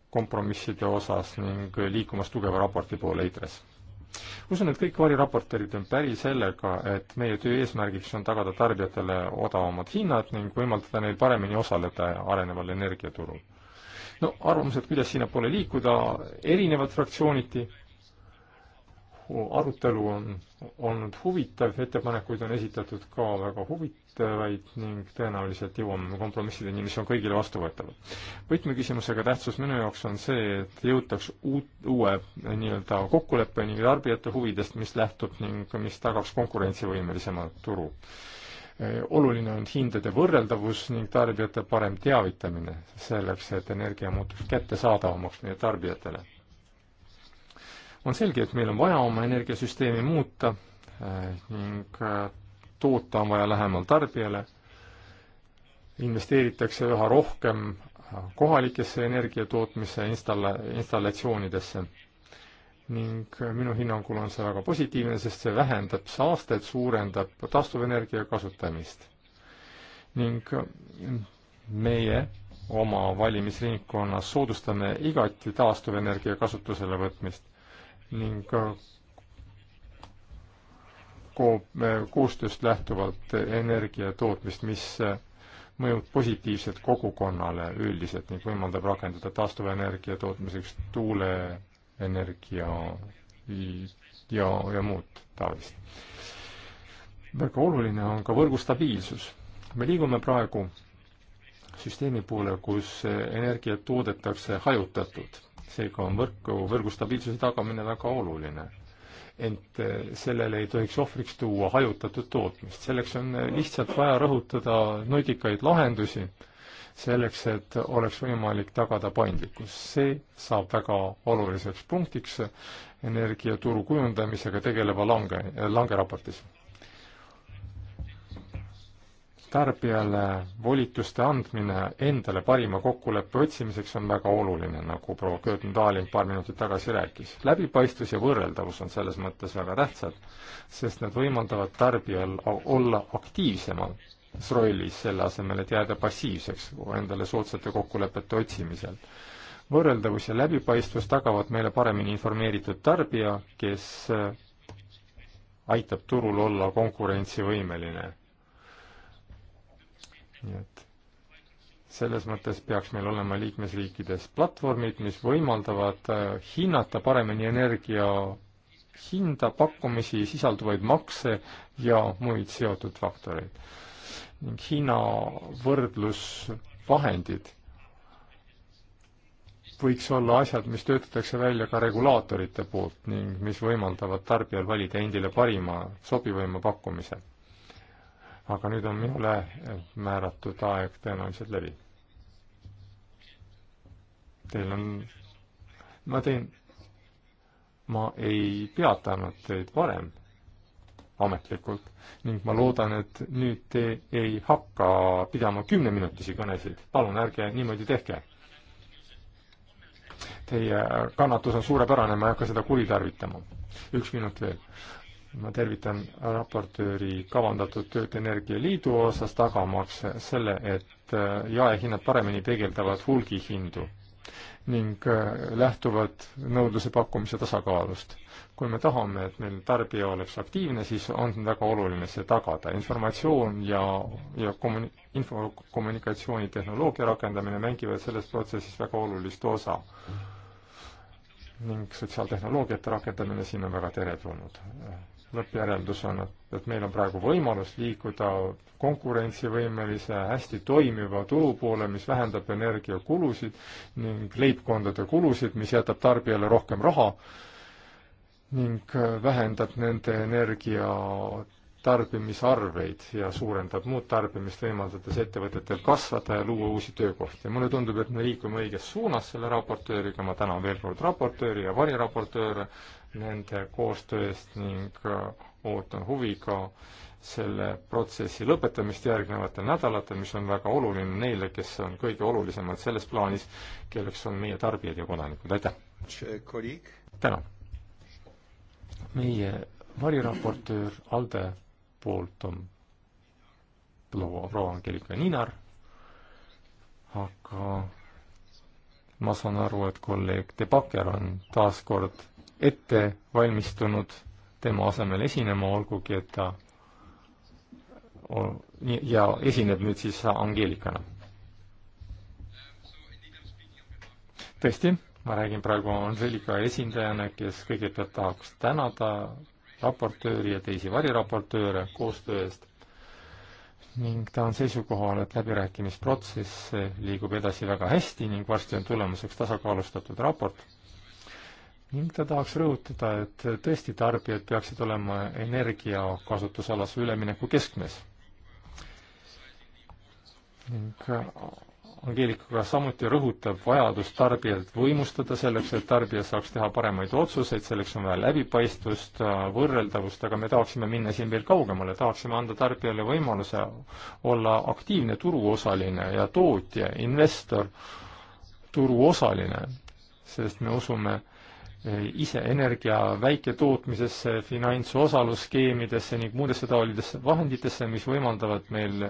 kompromisside osas ning liikumas tugeva raporti poole ITRES. usun, et kõik variraportorid on päri sellega, et meie töö eesmärgiks on tagada tarbijatele odavamad hinnad ning võimaldada neil paremini osaleda areneval energiaturul. no arvamused, kuidas sinnapoole liikuda, erinevad fraktsiooniti arutelu on olnud huvitav, ettepanekuid on esitatud ka väga huvitavaid ning tõenäoliselt jõuame kompromissideni, mis on kõigile vastuvõetavad. võtmeküsimusega tähtsus minu jaoks on see, et jõutaks uut, uue nii-öelda kokkuleppeni nii tarbijate huvidest, mis lähtub ning mis tagaks konkurentsivõimelisema turu. oluline on hindade võrreldavus ning tarbijate parem teavitamine selleks, et energia muutuks kättesaadavamaks meie tarbijatele on selge, et meil on vaja oma energiasüsteemi muuta eh, ning eh, toota on vaja lähemal tarbijale, investeeritakse üha rohkem eh, kohalikesse energiatootmise installa-, installatsioonidesse. ning minu hinnangul on see väga positiivne, sest see vähendab saastet, suurendab taastuvenergia kasutamist. ning meie oma valimisringkonnas soodustame igati taastuvenergia kasutusele võtmist ning koostööst lähtuvalt energiatootmist, mis mõjub positiivselt kogukonnale üldiselt ning võimaldab rakendada taastuvenergia tootmiseks tuuleenergia ja, ja muud taolist. väga oluline on ka võrgu stabiilsus. me liigume praegu süsteemi poole, kus energiat toodetakse hajutatult seega on võrku, võrgu stabiilsuse tagamine väga oluline. ent äh, sellele ei tohiks ohvriks tuua hajutatud tootmist, selleks on äh, lihtsalt vaja rõhutada nutikaid lahendusi, selleks, et oleks võimalik tagada paindlikkus. see saab väga oluliseks punktiks energiaturu kujundamisega tegeleva lange, äh, langeraportis tarbijale volituste andmine endale parima kokkuleppe otsimiseks on väga oluline, nagu proua Kööten-Daalin paar minutit tagasi rääkis. läbipaistvus ja võrreldavus on selles mõttes väga tähtsad, sest need võimaldavad tarbijal olla aktiivsemas rollis, selle asemel, et jääda passiivseks endale soodsate kokkulepete otsimisel. võrreldavus ja läbipaistvus tagavad meile paremini informeeritud tarbija, kes aitab turul olla konkurentsivõimeline nii et selles mõttes peaks meil olema liikmesriikides platvormid, mis võimaldavad äh, hinnata paremini energia hinda, pakkumisi, sisalduvaid makse ja muid seotud faktoreid. ning hinna võrdlusvahendid võiks olla asjad, mis töötatakse välja ka regulaatorite poolt ning mis võimaldavad tarbijal valida endile parima, sobivaima pakkumise aga nüüd on minule eh, määratud aeg tõenäoliselt läbi. Teil on, ma teen, ma ei peatanud teid varem ametlikult ning ma loodan, et nüüd te ei hakka pidama kümneminutisi kõnesid, palun ärge niimoodi tehke. Teie kannatus on suurepärane, ma ei hakka seda kuritarvitama. üks minut veel ma tervitan raportööri kavandatud tööd Energialiidu osas, tagamaks selle, et äh, jaehinnad paremini peegeldavad hulgihindu ning äh, lähtuvad nõudluse-pakkumise tasakaalust. kui me tahame, et meil tarbija oleks aktiivne, siis on väga oluline see tagada. informatsioon ja, ja kommuni-, info, kommunikatsioonitehnoloogia rakendamine mängivad selles protsessis väga olulist osa ning sotsiaaltehnoloogiate rakendamine siin on väga teretulnud lõppjäreldus on, et, et meil on praegu võimalus liikuda konkurentsivõimelise, hästi toimiva turu poole, mis vähendab energiakulusid ning leibkondade kulusid, mis jätab tarbijale rohkem raha ning vähendab nende energia tarbimisarveid ja suurendab muud tarbimist, võimaldades ettevõtetel kasvada ja luua uusi töökohti. mulle tundub, et me liigume õiges suunas selle raportööriga, ma tänan veel kord raportööri ja variraportööre nende koostööst ning äh, ootan huviga selle protsessi lõpetamist järgnevatel nädalatel, mis on väga oluline neile, kes on kõige olulisemad selles plaanis, kelleks on meie tarbijad ja kodanikud, aitäh! tänan! meie variraportöör Alde poolt on proua Angelika Niinar, aga ma saan aru, et kolleeg De Backer on taas kord ette valmistunud tema asemel esinema, olgugi et ta ja esineb nüüd siis Angeelikana. tõesti, ma räägin praegu Angeelika esindajana, kes kõigepealt tahaks tänada raportööri ja teisi variraportööre koostöö eest ning ta on seisukohal, et läbirääkimisprotsess liigub edasi väga hästi ning varsti on tulemuseks tasakaalustatud raport, ning ta tahaks rõhutada, et tõesti tarbijad peaksid olema energia kasutusalase ülemineku keskmes. ning Angeelika samuti rõhutab vajadust tarbijat võimustada selleks, et tarbija saaks teha paremaid otsuseid, selleks on vaja läbipaistvust, võrreldavust, aga me tahaksime minna siin veel kaugemale, tahaksime anda tarbijale võimaluse olla aktiivne turuosaline ja tootja, investor, turuosaline, sest me usume, ise energia väiketootmisesse, finantsosalusskeemidesse ning muudesse taolidesse vahenditesse, mis võimaldavad meil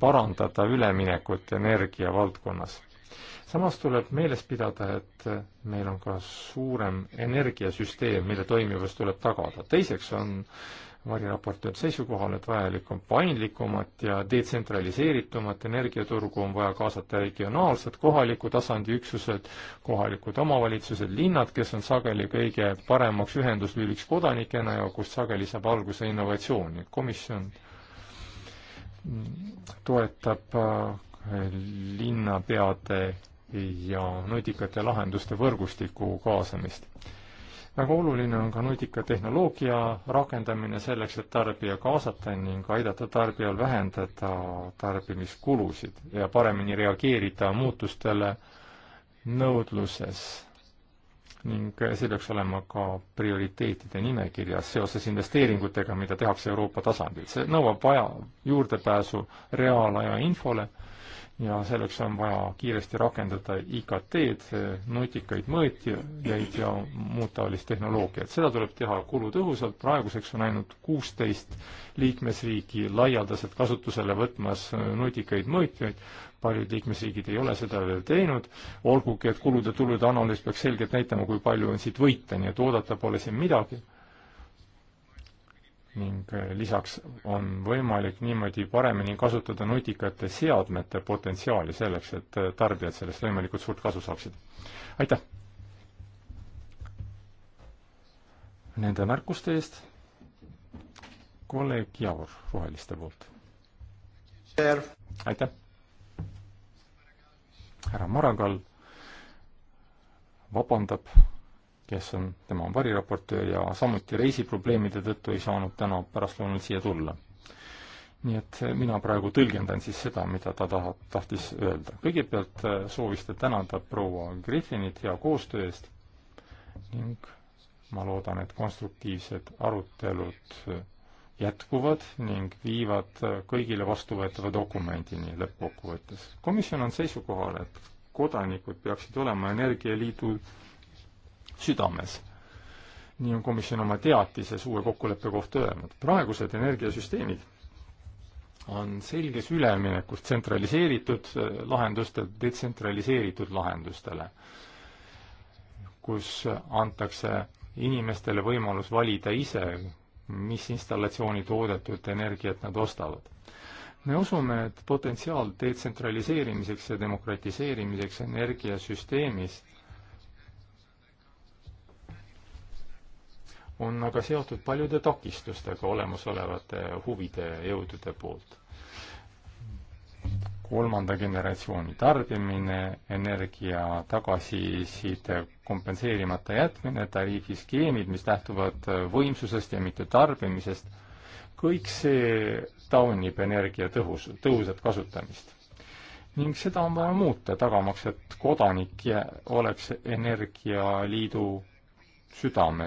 parandada üleminekut energia valdkonnas. samas tuleb meeles pidada, et meil on ka suurem energiasüsteem, mille toimivus tuleb tagada. teiseks on äh, variraportöör seisukohal, et vajalik on paindlikumat ja detsentraliseeritumat energiaturgu, on vaja kaasata regionaalsed, kohaliku tasandi üksused, kohalikud omavalitsused, linnad, kes on sageli kõige paremaks ühenduslüliks kodanikena ja kust sageli saab alguse innovatsioon, nii et komisjon toetab äh, linnapeade ja nutikate lahenduste võrgustiku kaasamist väga nagu oluline on ka nutika tehnoloogia rakendamine selleks, et tarbija kaasata ning aidata tarbijal vähendada tarbimiskulusid ja paremini reageerida muutustele nõudluses ning see peaks olema ka prioriteetide nimekirjas seoses investeeringutega, mida tehakse Euroopa tasandil. see nõuab vaja juurdepääsu reaalaja infole ja selleks on vaja kiiresti rakendada IKT-d, nutikaid mõõtjaid ja muud taolist tehnoloogiat. seda tuleb teha kulutõhusalt, praeguseks on ainult kuusteist liikmesriiki laialdaselt kasutusele võtmas nutikaid mõõtjaid, paljud liikmesriigid ei ole seda veel teinud, olgugi et kulude-tulude analüüs peaks selgelt näitama, kui palju on siit võita, nii et oodata pole siin midagi ning äh, lisaks on võimalik niimoodi paremini kasutada nutikate seadmete potentsiaali selleks, et äh, tarbijad sellest võimalikult suurt kasu saaksid. aitäh nende märkuste eest, kolleeg Javor Roheliste poolt. aitäh! härra Maragall vabandab kes on, tema on variraportöör ja samuti reisiprobleemide tõttu ei saanud täna pärastlõunal siia tulla. nii et eh, mina praegu tõlgendan siis seda, mida ta tahab, tahtis öelda. kõigepealt eh, soovis ta tänada proua Griffinit hea koostöö eest ning ma loodan, et konstruktiivsed arutelud jätkuvad ning viivad eh, kõigile vastuvõetava dokumendini lõppkokkuvõttes. komisjon on seisukohal, et kodanikud peaksid olema Energialiidu südames. nii on komisjon oma teatises uue kokkuleppe kohta öelnud. praegused energiasüsteemid on selges üleminekus tsentraliseeritud äh, lahendustelt detsentraliseeritud lahendustele, kus antakse inimestele võimalus valida ise, mis installatsiooni toodetud energiat nad ostavad me usume, et potentsiaal detsentraliseerimiseks ja demokratiseerimiseks energiasüsteemis on aga seotud paljude takistustega olemasolevate huvide ja jõudude poolt. kolmanda generatsiooni tarbimine, energia tagasiside kompenseerimata jätmine, tariifiskeemid, mis lähtuvad võimsusest ja mitte tarbimisest, kõik see taunib energia tõhus, tõhusat kasutamist ning seda on vaja muuta, tagamaks, et kodanik oleks Energialiidu südame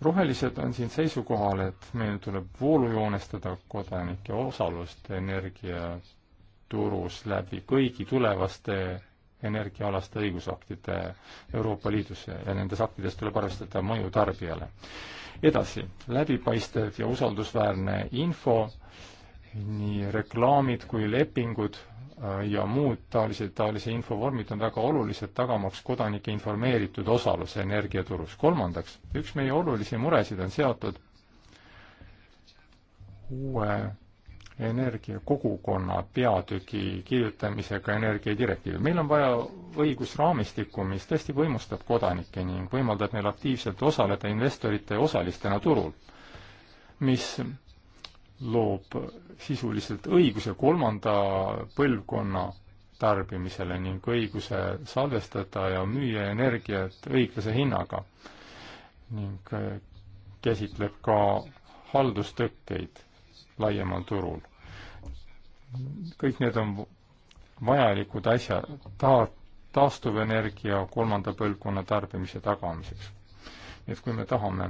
rohelised on siin seisukohal, et meil tuleb voolujoonestada kodanike osalust energiaturus läbi kõigi tulevaste energiaalaste õigusaktide Euroopa Liidus ja nendes aktides tuleb arvestada mõju tarbijale. edasi, läbipaistev ja usaldusväärne info, nii reklaamid kui lepingud ja muud taolised, taolise info vormid on väga olulised, tagamaks kodanike informeeritud osaluse energiaturus. kolmandaks, üks meie olulisi muresid on seotud uue energiakogukonna peatüki kirjutamisega energiadirektiivi. meil on vaja õigusraamistikku, mis tõesti võimustab kodanikke ning võimaldab neil aktiivselt osaleda investorite ja osalistena turul, mis loob sisuliselt õiguse kolmanda põlvkonna tarbimisele ning õiguse salvestada ja müüa energiat õiglase hinnaga ning äh, käsitleb ka haldustõkkeid laiemal turul. kõik need on vajalikud asjad ta-, taastuvenergia kolmanda põlvkonna tarbimise tagamiseks. nii et kui me tahame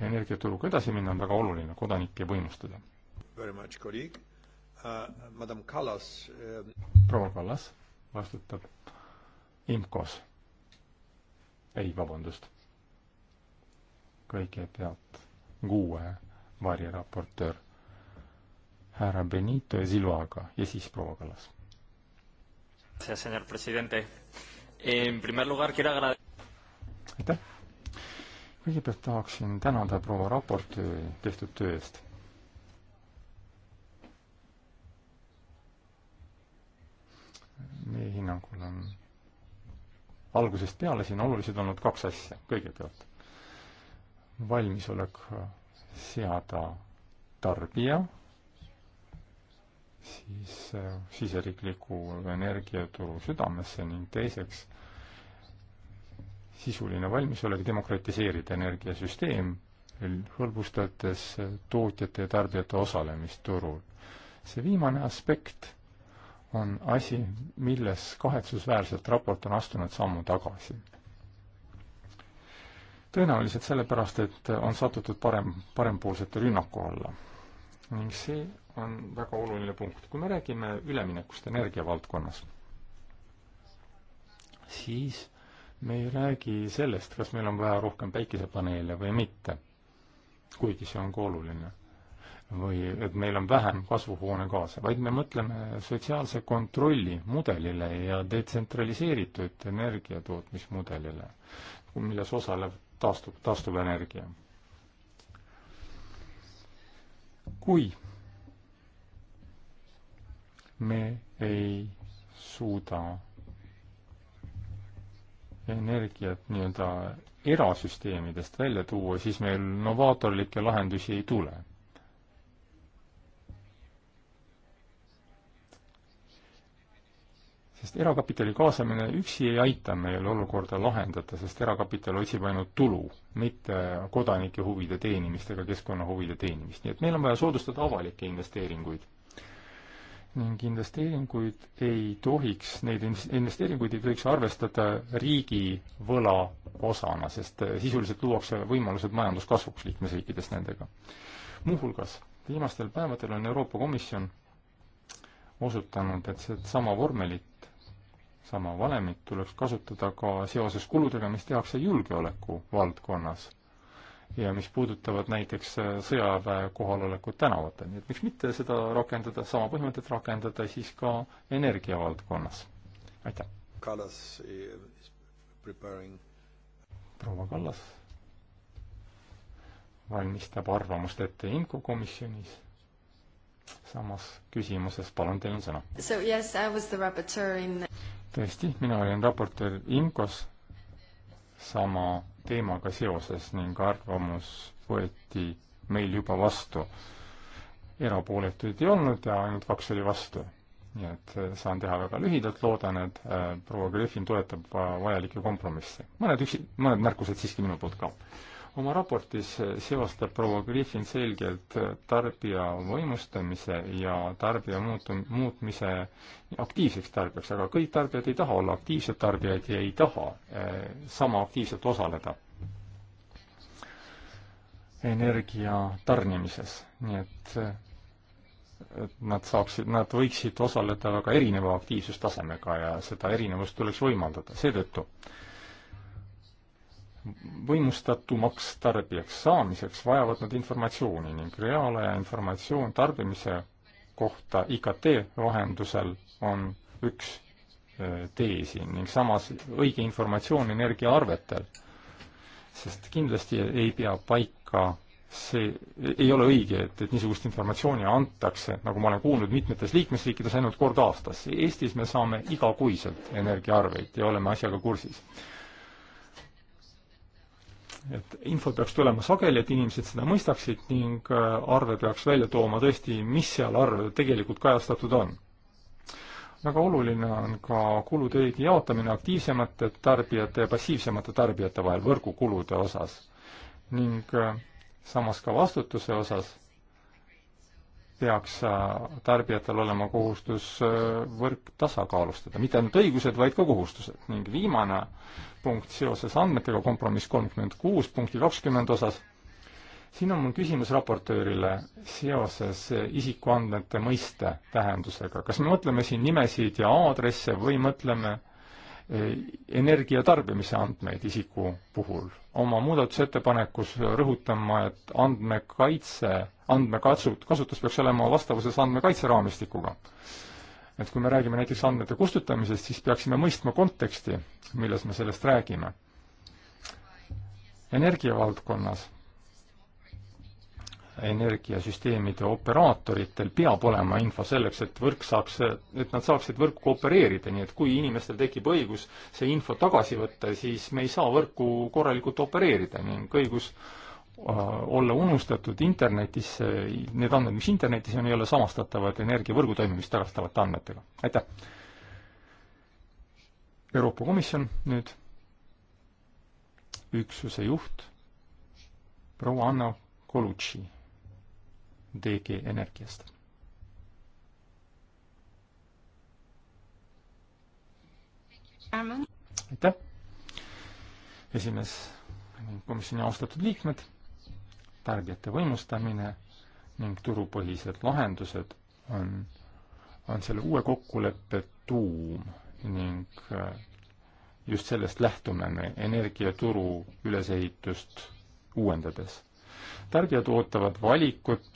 energiaturuga edasi minna, on väga oluline kodanikke võimustada very much, kolleeg uh,. Madam Kallas uh.... proua Kallas vastutab IMCO-s. ei, vabandust. kõigepealt kuue variraportöör härra Benito ja Silvaga ja siis proua Kallas. aitäh. kõigepealt tahaksin tänada proua raportööri tehtud töö eest meie hinnangul on algusest peale siin olulised olnud kaks asja. kõigepealt valmisolek seada tarbija siis äh, siseriikliku energiaturu südamesse ning teiseks sisuline valmisolek demokratiseerida energiasüsteem, hõlbustades tootjate ja tarbijate osalemist turul. see viimane aspekt on asi, milles kahetsusväärselt raport on astunud sammu tagasi. tõenäoliselt sellepärast, et on satutud parem, parempoolsete rünnaku alla. ning see on väga oluline punkt. kui me räägime üleminekust energiavaldkonnas, siis me ei räägi sellest, kas meil on vaja rohkem päikesepaneele või mitte. kuigi see on ka oluline või et meil on vähem kasvuhoonegaase, vaid me mõtleme sotsiaalse kontrolli mudelile ja detsentraliseeritud energiatootmismudelile, milles osaleb taastub, taastuvenergia. kui me ei suuda energiat nii-öelda erasüsteemidest välja tuua, siis meil novaatorlikke lahendusi ei tule sest erakapitali kaasamine üksi ei aita meil olukorda lahendada, sest erakapital otsib ainult tulu, mitte kodanike huvide teenimist ega keskkonna huvide teenimist, nii et meil on vaja soodustada avalikke investeeringuid. ning investeeringuid ei tohiks, neid investeeringuid ei tohiks arvestada riigi võla osana, sest sisuliselt luuakse võimalused majanduskasvuks liikmesriikides nendega. muuhulgas viimastel päevadel on Euroopa Komisjon osutanud, et seesama vormelit sama valemit tuleks kasutada ka seoses kuludega, mis tehakse julgeoleku valdkonnas ja mis puudutavad näiteks äh, sõjaväe kohalolekut tänavatel, nii et miks mitte seda rakendada, sama põhimõtet rakendada siis ka energia valdkonnas. aitäh! Kallas is preparing proua Kallas valmistab arvamust ette Inko komisjonis samas küsimuses, palun, teil on sõna. So yes, I was the raporteur in tõesti, mina olin raportöör IMCO-s sama teemaga seoses ning arvamus võeti meil juba vastu. erapooletuid ei olnud ja ainult kaks oli vastu. nii et äh, saan teha väga lühidalt, loodan, et äh, proua Griffin toetab äh, vajalikke kompromisse. mõned üksi, mõned märkused siiski minu poolt ka oma raportis seostab proua Griffin selgelt tarbija võimustamise ja tarbija muutu-, muutmise aktiivseks tarbijaks, aga kõik tarbijad ei taha olla aktiivsed tarbijad ja ei taha eh, sama aktiivselt osaleda energia tarnimises, nii et et nad saaksid, nad võiksid osaleda väga erineva aktiivsustasemega ja seda erinevust tuleks võimaldada, seetõttu äh, võimustatumaks tarbijaks saamiseks vajavad nad informatsiooni ning reaalaja informatsioon tarbimise kohta IKT vahendusel on üks tee siin ning samas õige informatsioon energiaarvetel, sest kindlasti ei pea paika see ei ole õige, et, et niisugust informatsiooni antakse, nagu ma olen kuulnud mitmetes liikmesriikides, ainult kord aastas. Eestis me saame igakuiselt energiaarveid ja oleme asjaga kursis et info peaks tulema sageli, et inimesed seda mõistaksid ning äh, arve peaks välja tooma tõesti, mis seal arvel tegelikult kajastatud on. väga oluline on ka kulude õige jaotamine aktiivsemate tarbijate ja passiivsemate tarbijate vahel võrgukulude osas ning äh, samas ka vastutuse osas peaks äh, tarbijatel olema kohustus äh, võrk tasakaalustada, mitte ainult õigused, vaid ka kohustused. ning viimane punkt seoses andmetega, kompromiss kolmkümmend kuus punkti kakskümmend osas, siin on mul küsimus raportöörile seoses äh, isikuandmete mõiste tähendusega. kas me mõtleme siin nimesid ja aadresse või mõtleme äh, Äh, energiatarbimise andmeid isiku puhul. oma muudatusettepanekus rõhutan ma, et andmekaitse, andmekatsut-, kasutus peaks olema vastavuses andmekaitse raamistikuga. et kui me räägime näiteks andmete kustutamisest, siis peaksime mõistma konteksti, milles me sellest räägime. energiavaldkonnas energiasüsteemide operaatoritel peab olema info selleks, et võrk saaks, et nad saaksid võrku opereerida, nii et kui inimestel tekib õigus see info tagasi võtta, siis me ei saa võrku korralikult opereerida ning õigus äh, olla unustatud internetis, need andmed, mis internetis on, ei ole samastatavad energiavõrgu toimimist tagastavate andmetega. aitäh! Euroopa Komisjon nüüd, üksuse juht proua Anna Colucci DG Energiast. aitäh, esimees ning komisjoni austatud liikmed, tarbijate võimustamine ning turupõhised lahendused on, on selle uue kokkuleppe tuum ning äh, just sellest lähtume me energiaturu ülesehitust uuendades tarbijad ootavad valikut,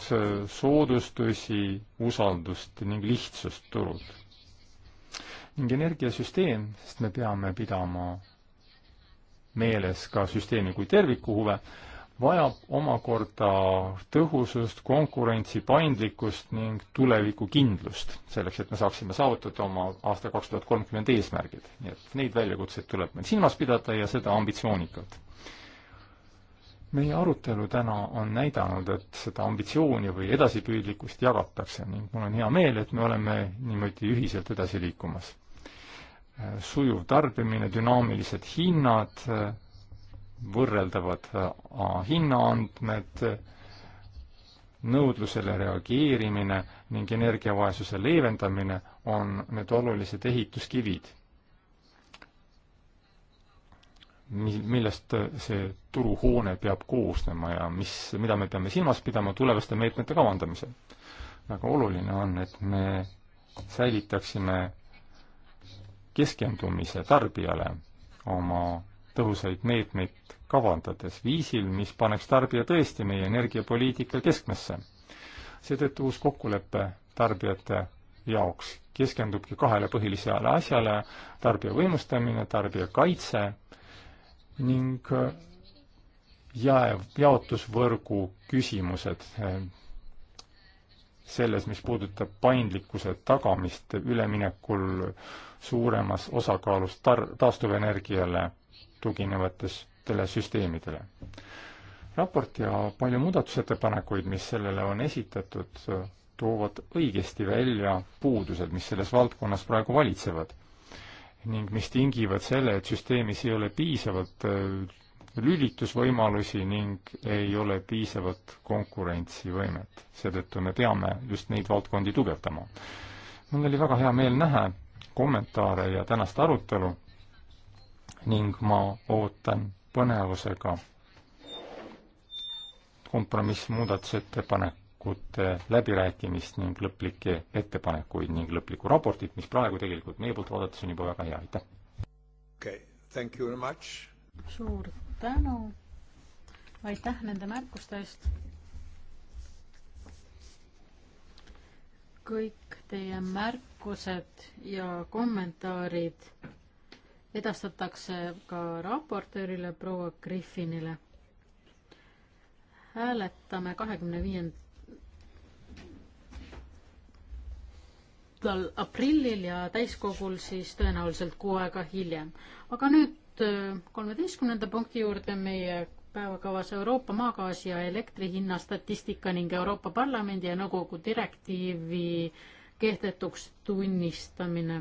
soodustusi, usaldust ning lihtsust turul. ning energiasüsteem, sest me peame pidama meeles ka süsteemi kui terviku huve, vajab omakorda tõhusust, konkurentsi, paindlikkust ning tulevikukindlust, selleks et me saaksime saavutada oma aasta kaks tuhat kolmkümmend eesmärgid. nii et neid väljakutseid tuleb meil silmas pidada ja seda ambitsioonikalt meie arutelu täna on näidanud, et seda ambitsiooni või edasipüüdlikkust jagatakse ning mul on hea meel, et me oleme niimoodi ühiselt edasi liikumas. sujuv tarbimine, dünaamilised hinnad, võrreldavad hinnaandmed, nõudlusele reageerimine ning energiavaesuse leevendamine on need olulised ehituskivid mi-, millest see turuhoone peab koosnema ja mis, mida me peame silmas pidama tulevaste meetmete kavandamisel. väga oluline on, et me säilitaksime keskendumise tarbijale oma tõhusaid meetmeid kavandades viisil, mis paneks tarbija tõesti meie energiapoliitika keskmesse. seetõttu uus kokkulepe tarbijate jaoks keskendubki kahele põhilisele asjale, tarbija võimustamine, tarbija kaitse ning äh, jae, jaotusvõrgu küsimused äh, selles, mis puudutab paindlikkuse tagamist üleminekul suuremas osakaalus tar-, taastuvenergiale tuginevatele süsteemidele. raport ja palju muudatusettepanekuid, mis sellele on esitatud, toovad õigesti välja puudused, mis selles valdkonnas praegu valitsevad ning mis tingivad selle, et süsteemis ei ole piisavalt äh, lülitusvõimalusi ning ei ole piisavat konkurentsivõimet. seetõttu me peame just neid valdkondi tugevdama. mul oli väga hea meel näha kommentaare ja tänast arutelu ning ma ootan põnevusega kompromissmuudatusettepanek ettepanekute äh, läbirääkimist ning lõplikke ettepanekuid ning lõplikku raportit, mis praegu tegelikult meie poolt vaadates on juba väga hea, aitäh! okei okay., thank you very much! suur tänu! aitäh nende märkuste eest! kõik teie märkused ja kommentaarid edastatakse ka raportöörile proua Griffinile. hääletame kahekümne viiendal kolmandal aprillil ja täiskogul siis tõenäoliselt kuu aega hiljem. aga nüüd äh, kolmeteistkümnenda punkti juurde meie päevakavas Euroopa maagaasi ja elektri hinna statistika ning Euroopa Parlamendi ja Nõukogu direktiivi kehtetuks tunnistamine,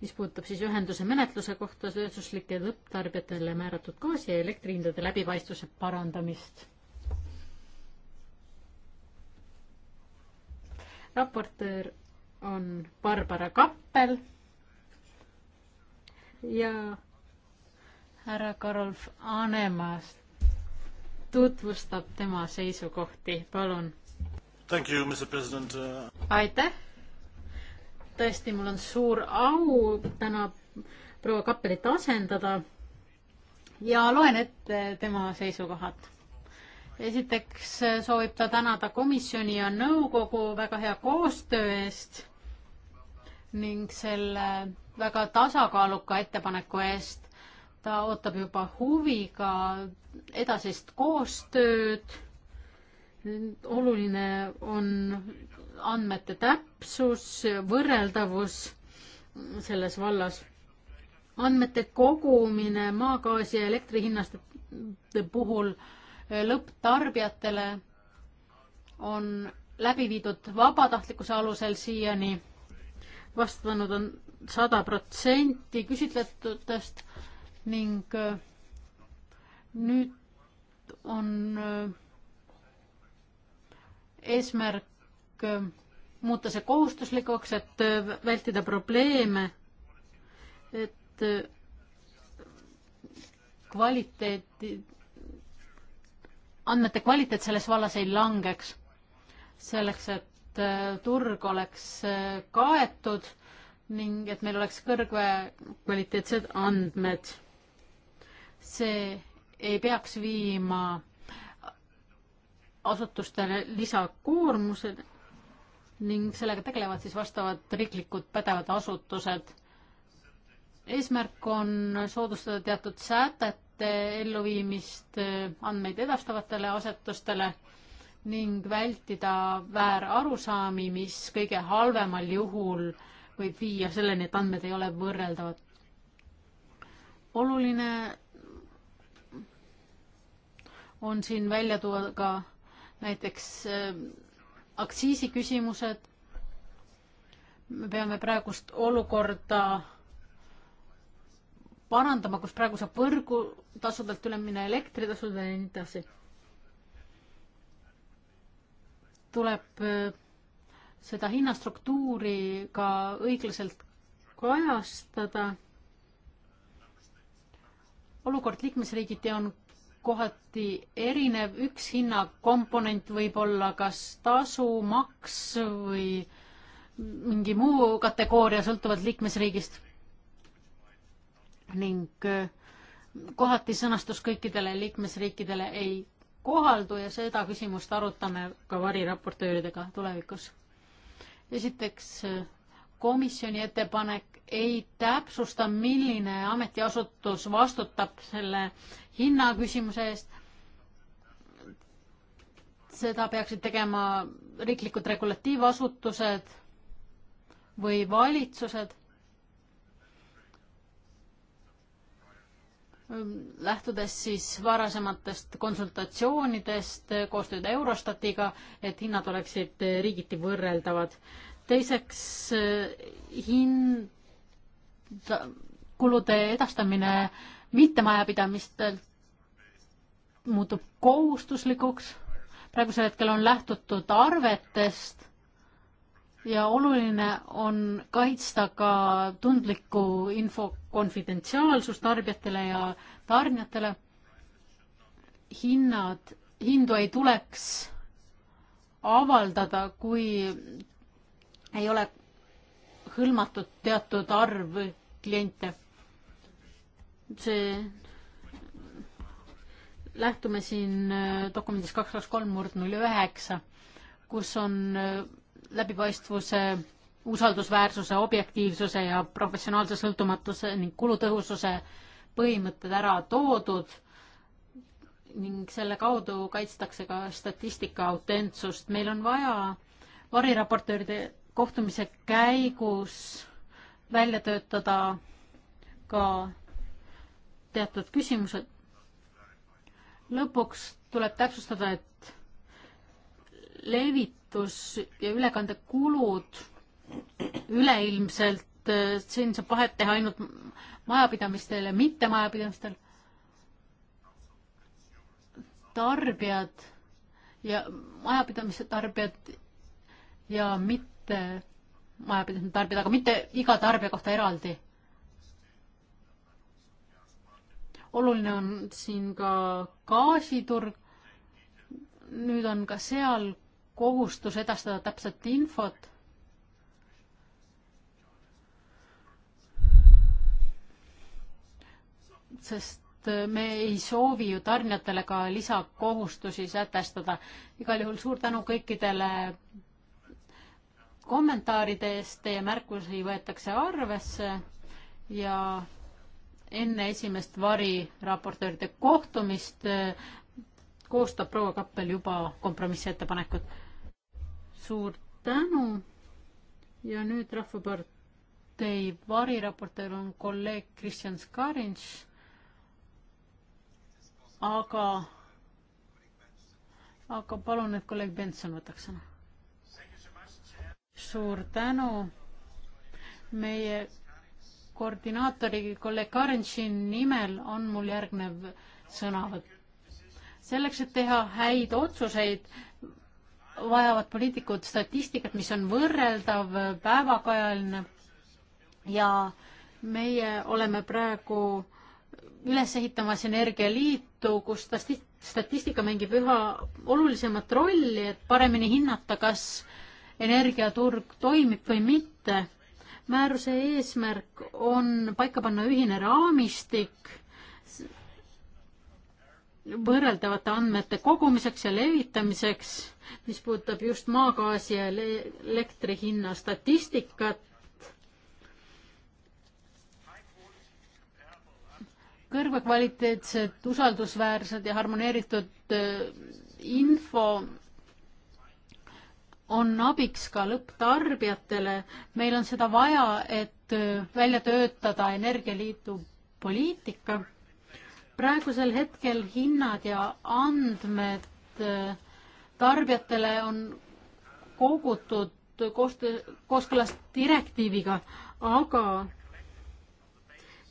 mis puudutab siis ühenduse menetluse kohta tööstuslike lõpptarbijatele määratud gaasi ja elektrihindade läbipaistvuse parandamist raportöör on Barbara Kappel ja härra Karolf Anemas tutvustab tema seisukohti, palun. aitäh. tõesti, mul on suur au täna proua Kappelit asendada ja loen ette tema seisukohad. esiteks soovib ta tänada komisjoni ja nõukogu väga hea koostöö eest ning selle väga tasakaaluka ettepaneku eest. ta ootab juba huviga edasist koostööd. oluline on andmete täpsus, võrreldavus selles vallas. andmete kogumine maagaasi ja elektrihinnastute puhul lõpptarbijatele on läbi viidud vabatahtlikkuse alusel siiani vastanud on sada protsenti küsitletutest ning äh, nüüd on äh, eesmärk äh, muuta see kohustuslikuks, et vältida probleeme, et kvaliteeti, andmete kvaliteet selles vallas ei langeks. selleks, et Äh, turg oleks äh, kaetud ning et meil oleks kõrgkvaliteetsed andmed. see ei peaks viima asutustele lisakoormusele ning sellega tegelevad siis vastavad riiklikud pädevad asutused. eesmärk on soodustada teatud sätete elluviimist äh, andmeid edastavatele asetustele ning vältida väärarusaami, mis kõige halvemal juhul võib viia selleni, et andmed ei ole võrreldavad. oluline on siin välja tuua ka näiteks äh, aktsiisiküsimused. me peame praegust olukorda parandama, kus praegu saab võrgutasudelt üle minna elektritasudele ja nii edasi tuleb äh, seda hinnastruktuuri ka õiglaselt kajastada. olukord liikmesriigiti on kohati erinev, üks hinnakomponent võib olla kas tasu, maks või mingi muu kategooria, sõltuvalt liikmesriigist. ning äh, kohati sõnastus kõikidele liikmesriikidele ei kohaldu ja seda küsimust arutame ka variraportööridega tulevikus. esiteks, komisjoni ettepanek ei täpsusta, milline ametiasutus vastutab selle hinnaküsimuse eest. seda peaksid tegema riiklikud regulatiivasutused või valitsused Ehm, lähtudes siis varasematest konsultatsioonidest, eh, koostööd Eurostatiga, et hinnad oleksid eh, riigiti võrreldavad. teiseks eh, hind, kulude edastamine mittemajapidamistelt muutub kohustuslikuks. praegusel hetkel on lähtutud arvetest ja oluline on kaitsta ka tundliku info konfidentsiaalsust tarbijatele ja tarnijatele. hinnad, hindu ei tuleks avaldada, kui ei ole hõlmatud teatud arv kliente. see, lähtume siin äh, dokumendis kaks, kaks, kolm murd null üheksa, kus on äh, läbipaistvuse, usaldusväärsuse, objektiivsuse ja professionaalse sõltumatuse ning kulutõhususe põhimõtted ära toodud ning selle kaudu kaitstakse ka statistika autentsust. meil on vaja variraportööride kohtumise käigus välja töötada ka teatud küsimused. lõpuks tuleb täpsustada, et levit-, ületus ja ülekandekulud üleilmselt, siin saab vahet teha ainult majapidamistel ja mittemajapidamistel. tarbijad ja majapidamise tarbijad ja mitte majapidamise tarbijad, aga mitte iga tarbija kohta eraldi. oluline on siin ka gaasiturg. nüüd on ka seal kohustus edastada täpset infot. sest me ei soovi ju tarnijatele ka lisakohustusi sätestada. igal juhul suur tänu kõikidele kommentaaride eest, teie märkusi võetakse arvesse ja enne esimest variraportööride kohtumist koostab proua Kappel juba kompromissettepanekut suur tänu ja nüüd Rahvapartei variraportöör on kolleeg Kristjan Skarinš, aga, aga palun, et kolleeg Benson võtaks sõna. suur tänu meie koordinaatori kolleeg Karinši nimel on mul järgnev sõnavõtt. selleks, et teha häid otsuseid, vajavad poliitikud statistikat, mis on võrreldav, päevakajaline ja meie oleme praegu üles ehitamas energialiitu, kus statistika mängib üha olulisemat rolli, et paremini hinnata, kas energiaturg toimib või mitte. määruse eesmärk on paika panna ühine raamistik võrreldavate andmete kogumiseks ja levitamiseks, mis puudutab just maagaasi ja elektri hinna statistikat. kõrgekvaliteetsed, usaldusväärsed ja harmoneeritud äh, info on abiks ka lõpptarbijatele. meil on seda vaja, et äh, välja töötada Energialiidu poliitika praegusel hetkel hinnad ja andmed äh, tarbijatele on kogutud koostöö, kooskõlas direktiiviga, aga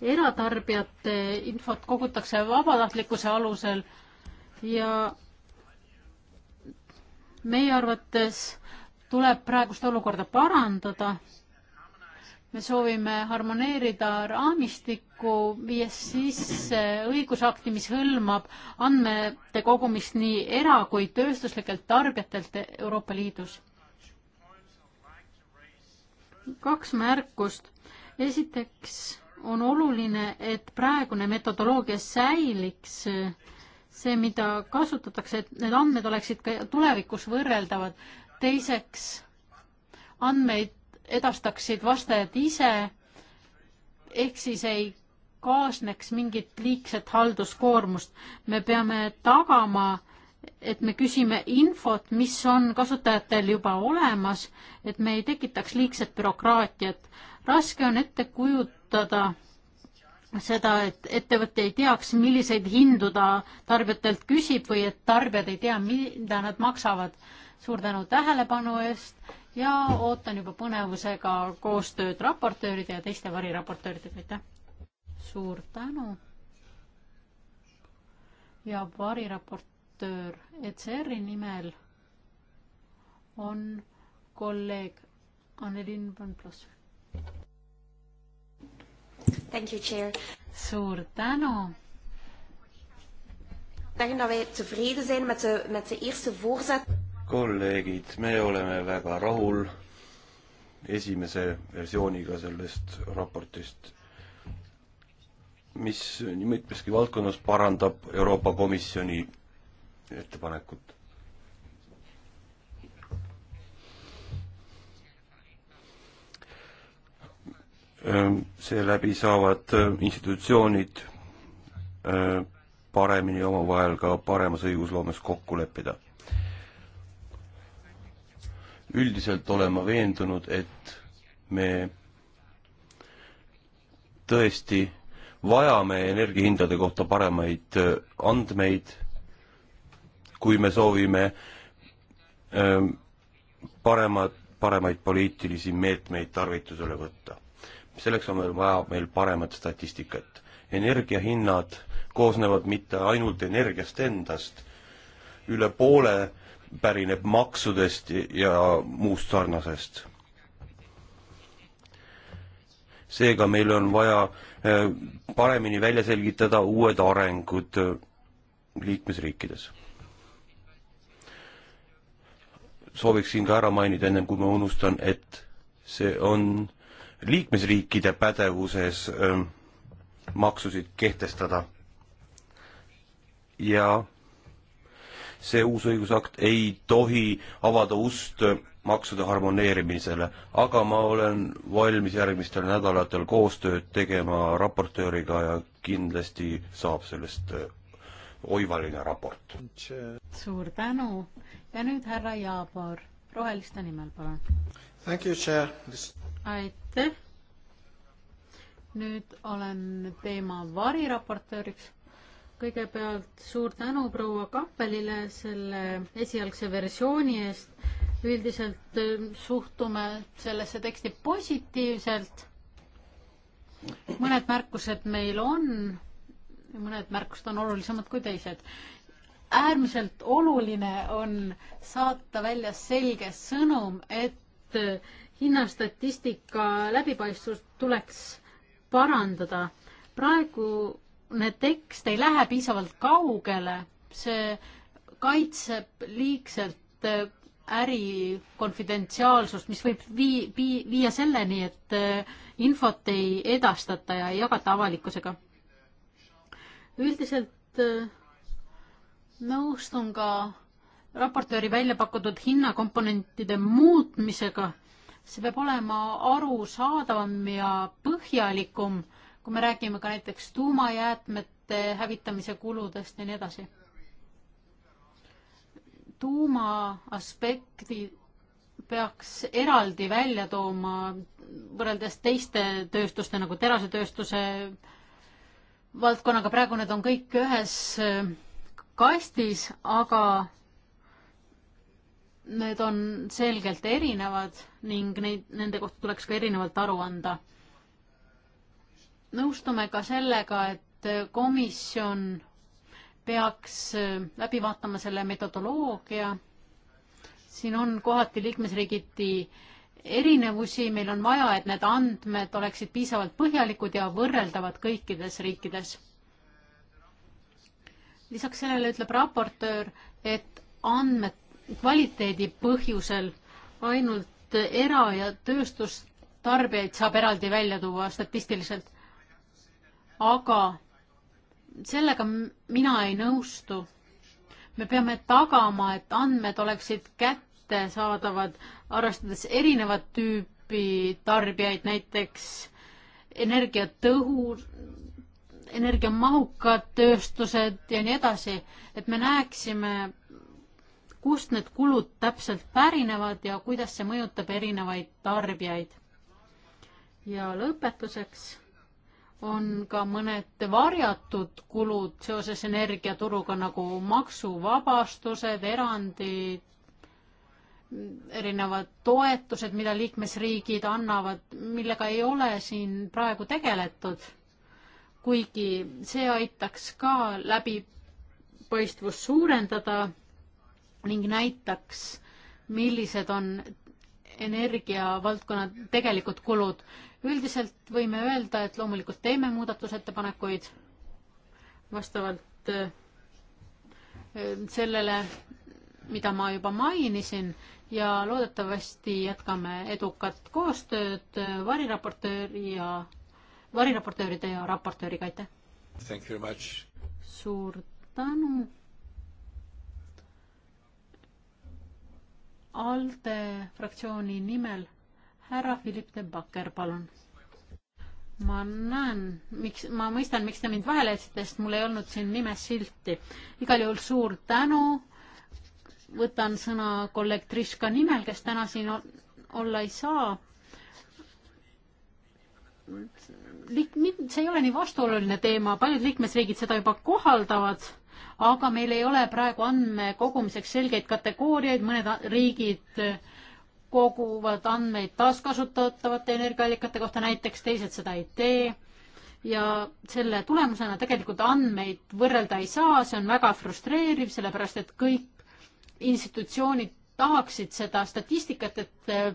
eratarbijate infot kogutakse vabatahtlikkuse alusel ja meie arvates tuleb praegust olukorda parandada me soovime harmoneerida raamistikku, viies sisse õigusakti, mis hõlmab andmete kogumist nii era- kui tööstuslikelt tarbijatelt Euroopa Liidus. kaks märkust. esiteks on oluline, et praegune metodoloogia säiliks, see, mida kasutatakse, et need andmed oleksid ka tulevikus võrreldavad. teiseks, andmeid edastaksid vastajad ise, ehk siis ei kaasneks mingit liigset halduskoormust. me peame tagama, et me küsime infot, mis on kasutajatel juba olemas, et me ei tekitaks liigset bürokraatiat. raske on ette kujutada seda, et ettevõte ei teaks, milliseid hindu ta tarbijatelt küsib või et tarbijad ei tea, mida nad maksavad. suur tänu tähelepanu eest ja ootan juba põnevusega koostööd raportööride ja teiste variraportööridega, aitäh! suur tänu! ja variraportöör ECR-i nimel on kolleeg Annelin Vanplos. suur tänu! zeggen dat wij tevreden zijn met de, met de eerste voorzet kolleegid, me oleme väga rahul esimese versiooniga sellest raportist, mis nii mitmeski valdkonnas parandab Euroopa Komisjoni ettepanekut. Ehm, seeläbi saavad institutsioonid ehm, paremini omavahel ka paremas õigusloomes kokku leppida üldiselt olen ma veendunud, et me tõesti vajame energiahindade kohta paremaid äh, andmeid, kui me soovime ähm, paremad, paremaid poliitilisi meetmeid tarvitusele võtta. selleks on meil vaja meil paremat statistikat. energiahinnad koosnevad mitte ainult energiast endast, üle poole pärineb maksudest ja muust sarnasest. seega meil on vaja eh, paremini välja selgitada uued arengud eh, liikmesriikides. sooviksin ka ära mainida, ennem kui ma unustan, et see on liikmesriikide pädevuses öö, eh, maksusid kehtestada ja see uus õigusakt ei tohi avada ust maksude harmoneerimisele, aga ma olen valmis järgmistel nädalatel koostööd tegema raportööriga ja kindlasti saab sellest äh, oivaline raport. suur tänu ja nüüd härra Jaabor, Roheliste nimel, palun. aitäh. nüüd olen teema variraportööriks kõigepealt suur tänu proua Kappelile selle esialgse versiooni eest. üldiselt äh, suhtume sellesse teksti positiivselt. mõned märkused meil on, mõned märkused on olulisemad kui teised. äärmiselt oluline on saata välja selge sõnum, et äh, hinnastatistika läbipaistvust tuleks parandada. praegu tekst ei lähe piisavalt kaugele, see kaitseb liigselt äh, äri konfidentsiaalsust, mis võib vii-, vii-, viia selleni, et äh, infot ei edastata ja ei jagata avalikkusega. üldiselt äh, nõustun ka raportööri välja pakutud hinnakomponentide muutmisega, see peab olema arusaadavam ja põhjalikum kui me räägime ka näiteks tuumajäätmete hävitamise kuludest ja nii edasi. tuuma aspekti peaks eraldi välja tooma võrreldes teiste tööstuste nagu terasetööstuse valdkonnaga, praegu need on kõik ühes kastis, aga need on selgelt erinevad ning neid, nende kohta tuleks ka erinevalt aru anda nõustume ka sellega, et komisjon peaks äh, läbi vaatama selle metodoloogia. siin on kohati liikmesriigiti erinevusi, meil on vaja, et need andmed oleksid piisavalt põhjalikud ja võrreldavad kõikides riikides. lisaks sellele ütleb raportöör, et andmed kvaliteedi põhjusel ainult era- ja tööstustarbijaid saab eraldi välja tuua statistiliselt aga sellega mina ei nõustu. me peame tagama, et andmed oleksid kättesaadavad, arvestades erinevat tüüpi tarbijaid, näiteks energiatõhu, energiamahukad tööstused ja nii edasi, et me näeksime, kust need kulud täpselt pärinevad ja kuidas see mõjutab erinevaid tarbijaid. ja lõpetuseks on ka mõned varjatud kulud seoses energiaturuga nagu maksuvabastused, erandid, erinevad toetused, mida liikmesriigid annavad, millega ei ole siin praegu tegeletud. kuigi see aitaks ka läbipaistvust suurendada ning näitaks, millised on energiavaldkonna tegelikud kulud üldiselt võime öelda, et loomulikult teeme muudatusettepanekuid vastavalt äh, sellele, mida ma juba mainisin ja loodetavasti jätkame edukat koostööd äh, variraportööri ja, variraportööride ja raportööriga, aitäh! suur tänu! ALDE fraktsiooni nimel härra Philip de Backer, palun. ma näen, miks, ma mõistan, miks te mind vahele jätsite, sest mul ei olnud siin nimes silti. igal juhul suur tänu. võtan sõna kolleeg Triška nimel, kes täna siin olla ei saa see ei ole nii vastuoluline teema, paljud liikmesriigid seda juba kohaldavad, aga meil ei ole praegu andmekogumiseks selgeid kategooriaid, mõned riigid koguvad andmeid taaskasutatavate energiaallikate kohta, näiteks teised seda ei tee. ja selle tulemusena tegelikult andmeid võrrelda ei saa, see on väga frustreeriv, sellepärast et kõik institutsioonid tahaksid seda statistikat, et eh,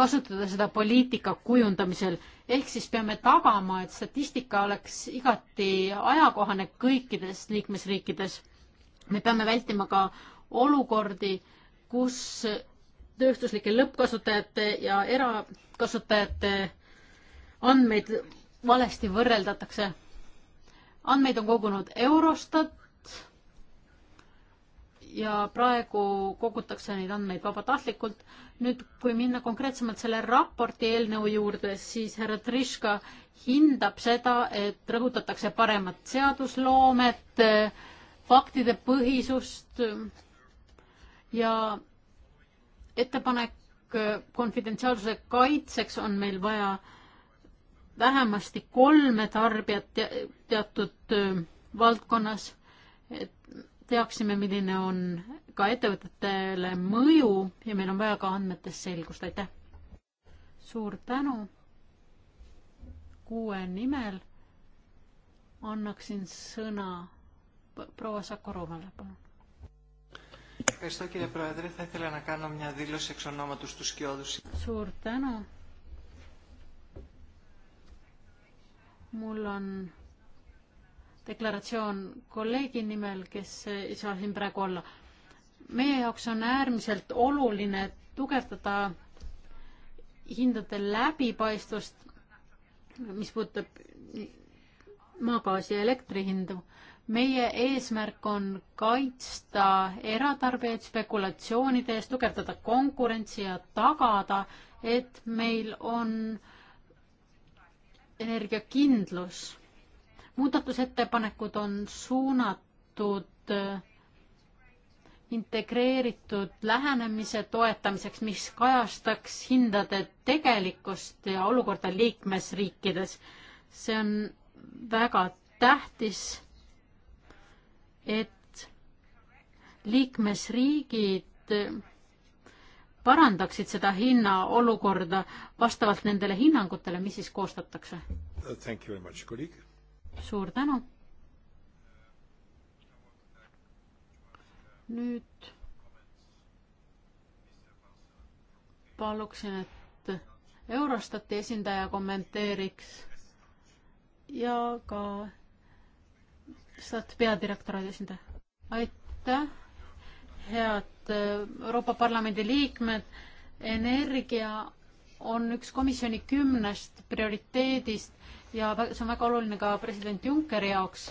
kasutada seda poliitika kujundamisel, ehk siis peame tagama, et statistika oleks igati ajakohane kõikides liikmesriikides. me peame vältima ka olukordi, kus tööstuslike lõppkasutajate ja erakasutajate andmeid valesti võrreldatakse. andmeid on kogunud Eurostat ja praegu kogutakse neid andmeid vabatahtlikult. nüüd, kui minna konkreetsemalt selle raporti eelnõu juurde, siis härra Triška hindab seda, et rõhutatakse paremat seadusloomet, faktide põhisust ja ettepanek äh, konfidentsiaalsuse kaitseks on meil vaja vähemasti kolme tarbijat teatud äh, valdkonnas, et teaksime, milline on ka ettevõtetele mõju ja meil on vaja ka andmetes selgust, aitäh! suur tänu! kuue nimel annaksin sõna proua Sakorovale, palun Ευχαριστώ κύριε Πρόεδρε. Θα ήθελα να κάνω μια δήλωση εξ ονόματος του Σκιώδους. Suur tänu. Mul on deklaratsioon kolleegi nimel, kes ei saa siin praegu olla. Meie jaoks e on äärmiselt oluline tugevdada hindade läbipaistvust, mis puudutab maagaasi ja elektrihindu. hindu meie eesmärk on kaitsta eratarbijaid spekulatsioonide eest, tugevdada konkurentsi ja tagada, et meil on energiakindlus. muudatusettepanekud on suunatud äh, integreeritud lähenemise toetamiseks, mis kajastaks hindade tegelikkust ja olukorda liikmesriikides. see on väga tähtis et liikmesriigid parandaksid seda hinnaolukorda vastavalt nendele hinnangutele, mis siis koostatakse? suur tänu. nüüd paluksin, et Eurostati esindaja kommenteeriks ja ka saad peadirektoraadi esindaja. aitäh, head äh, Euroopa Parlamendi liikmed. energia on üks komisjoni kümnest prioriteedist ja see on väga oluline ka president Junckeri jaoks.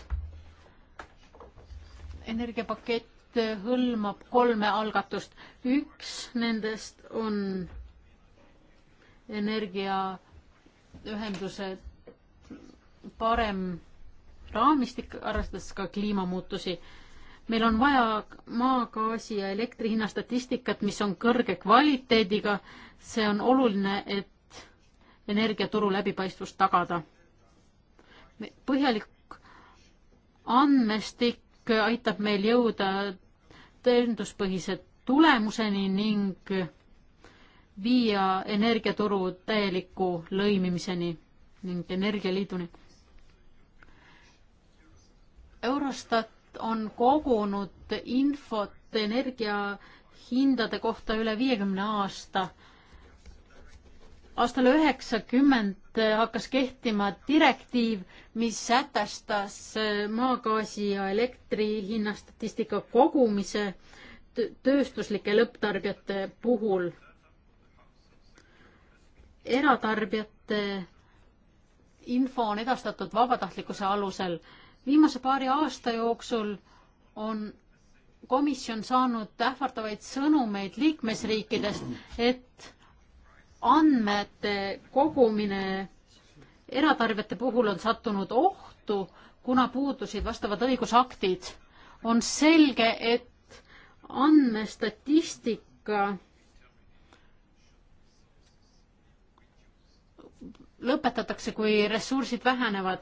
energiapakett hõlmab kolme algatust. üks nendest on energiaühenduse parem raamistik, arvestades ka kliimamuutusi. meil on vaja maagaasi ja elektri hinna statistikat, mis on kõrge kvaliteediga. see on oluline, et energiaturu läbipaistvust tagada. põhjalik andmestik aitab meil jõuda tõenduspõhise tulemuseni ning viia energiaturu täieliku lõimimiseni ning energialiiduni Eurostat on kogunud infot energiahindade kohta üle viiekümne aasta. aastal üheksakümmend hakkas kehtima direktiiv, mis sätestas maagaasi ja elektri hinnastatistika kogumise tööstuslike lõpptarbijate puhul. eratarbijate info on edastatud vabatahtlikkuse alusel viimase paari aasta jooksul on komisjon saanud ähvardavaid sõnumeid liikmesriikidest, et andmete kogumine eratarbijate puhul on sattunud ohtu, kuna puudusid vastavad õigusaktid. on selge, et andmestatistika lõpetatakse, kui ressursid vähenevad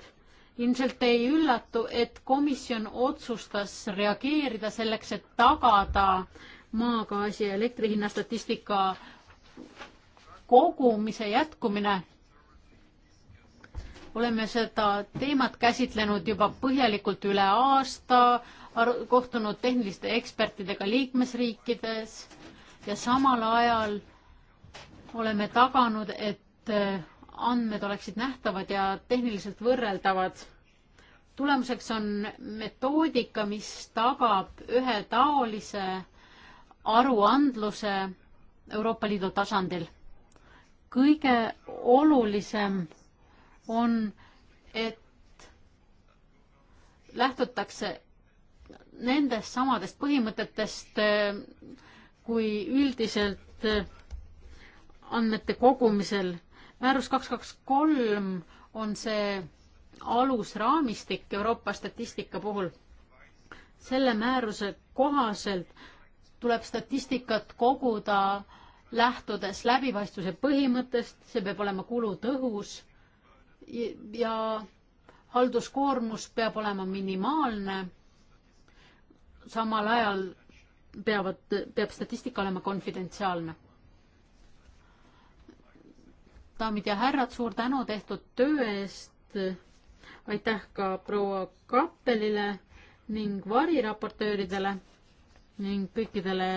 ilmselt ei üllatu, et komisjon otsustas reageerida selleks, et tagada maagaasi ja elektri hinna statistika kogumise jätkumine. oleme seda teemat käsitlenud juba põhjalikult üle aasta, kohtunud tehniliste ekspertidega liikmesriikides ja samal ajal oleme taganud, et andmed oleksid nähtavad ja tehniliselt võrreldavad. tulemuseks on metoodika, mis tagab ühetaolise aruandluse Euroopa Liidu tasandil. kõige olulisem on, et lähtutakse nendest samadest põhimõtetest kui üldiselt andmete kogumisel määrus kaks, kaks, kolm on see alusraamistik Euroopa statistika puhul. selle määruse kohaselt tuleb statistikat koguda lähtudes läbipaistvuse põhimõttest, see peab olema kulutõhus ja halduskoormus peab olema minimaalne. samal ajal peavad, peab statistika olema konfidentsiaalne daamid ja härrad, suur tänu tehtud töö eest. aitäh ka proua Kappelile ning variraportööridele ning kõikidele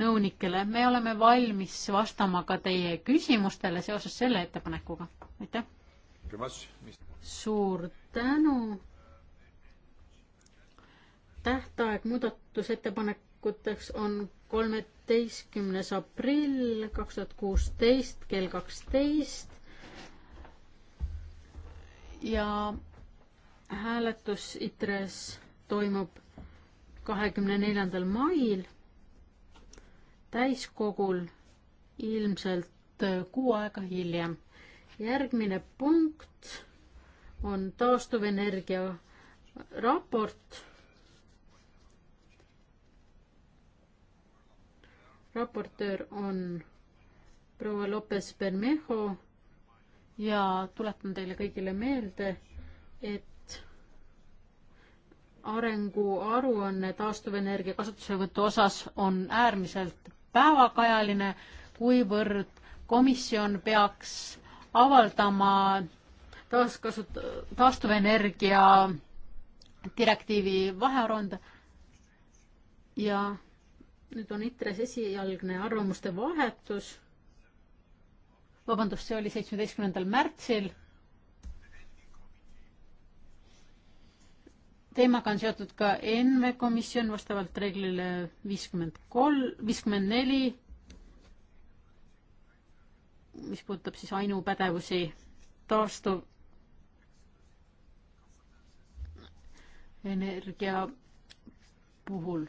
nõunikele. me oleme valmis vastama ka teie küsimustele seoses selle ettepanekuga. aitäh. suur tänu. tähtaeg muudatusettepanek koosolekuteks on kolmeteistkümnes aprill kaks tuhat kuusteist kell kaksteist. ja hääletus ITRE-s toimub kahekümne neljandal mail täiskogul ilmselt kuu aega hiljem. järgmine punkt on taastuvenergia raport raportöör on proua Lopes Bermejo ja tuletan teile kõigile meelde, et arenguaruanne taastuvenergia kasutuselevõtu osas on äärmiselt päevakajaline, kuivõrd komisjon peaks avaldama taaskasut-, taastuvenergia direktiivi vahearuande ja nüüd on ITRES esialgne arvamuste vahetus. vabandust, see oli seitsmeteistkümnendal märtsil. teemaga on seotud ka ENME komisjon vastavalt reeglile viiskümmend kolm, viiskümmend neli, mis puudutab siis ainupädevusi taastuv energia puhul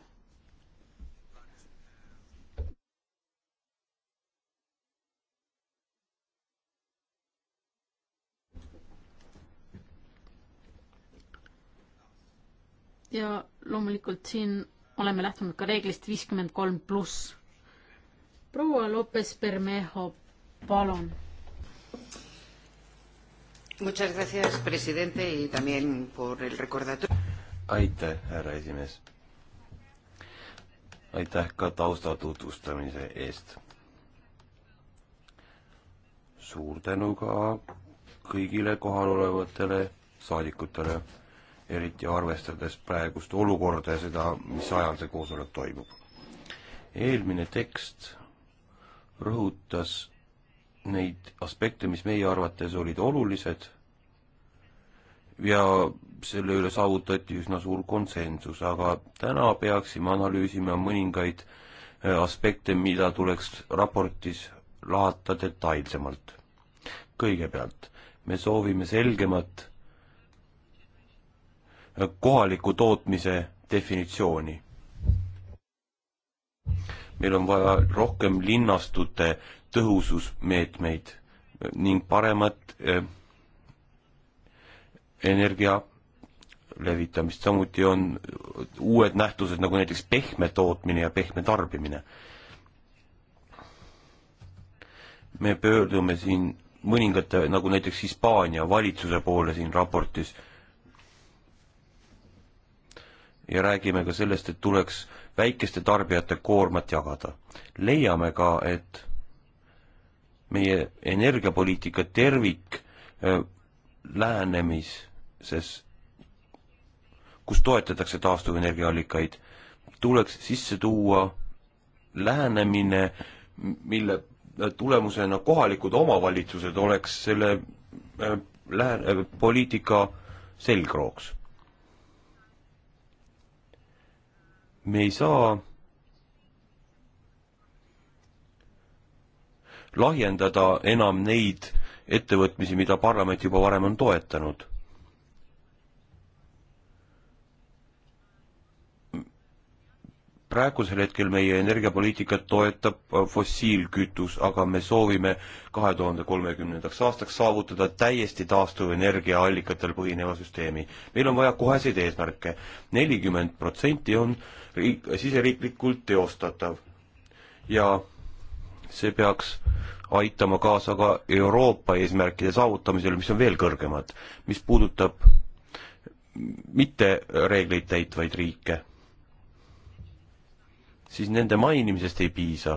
ja loomulikult siin oleme lähtunud ka reeglist viiskümmend kolm pluss. proua Lopes Bermejo, palun. aitäh, härra esimees. aitäh ka tausta tutvustamise eest. suur tänu ka kõigile kohalolevatele saadikutele eriti arvestades praegust olukorda ja seda, mis ajal see koosolek toimub. eelmine tekst rõhutas neid aspekte, mis meie arvates olid olulised ja selle üle saavutati üsna suur konsensus, aga täna peaksime analüüsima mõningaid äh, aspekte, mida tuleks raportis lahata detailsemalt. kõigepealt, me soovime selgemat kohaliku tootmise definitsiooni. meil on vaja rohkem linnastute tõhususmeetmeid ning paremat eh, energia levitamist, samuti on uued nähtused nagu näiteks pehme tootmine ja pehme tarbimine. me pöördume siin mõningate, nagu näiteks Hispaania valitsuse poole siin raportis ja räägime ka sellest, et tuleks väikeste tarbijate koormat jagada. leiame ka, et meie energiapoliitika tervik äh, lähenemises, kus toetatakse taastuvenergiaallikaid, tuleks sisse tuua lähenemine, mille tulemusena kohalikud omavalitsused oleks selle äh, lähe- äh,, poliitika selgrooks me ei saa lahjendada enam neid ettevõtmisi, mida parlament juba varem on toetanud praegusel hetkel meie energiapoliitikat toetab äh, fossiilkütus, aga me soovime kahe tuhande kolmekümnendaks aastaks saavutada täiesti taastuvenergiaallikatel põhineva süsteemi. meil on vaja koheseid eesmärke. nelikümmend protsenti on riik, siseriiklikult teostatav. ja see peaks aitama kaasa ka Euroopa eesmärkide saavutamisele, mis on veel kõrgemad, mis puudutab mitte reegleid täitvaid riike siis nende mainimisest ei piisa.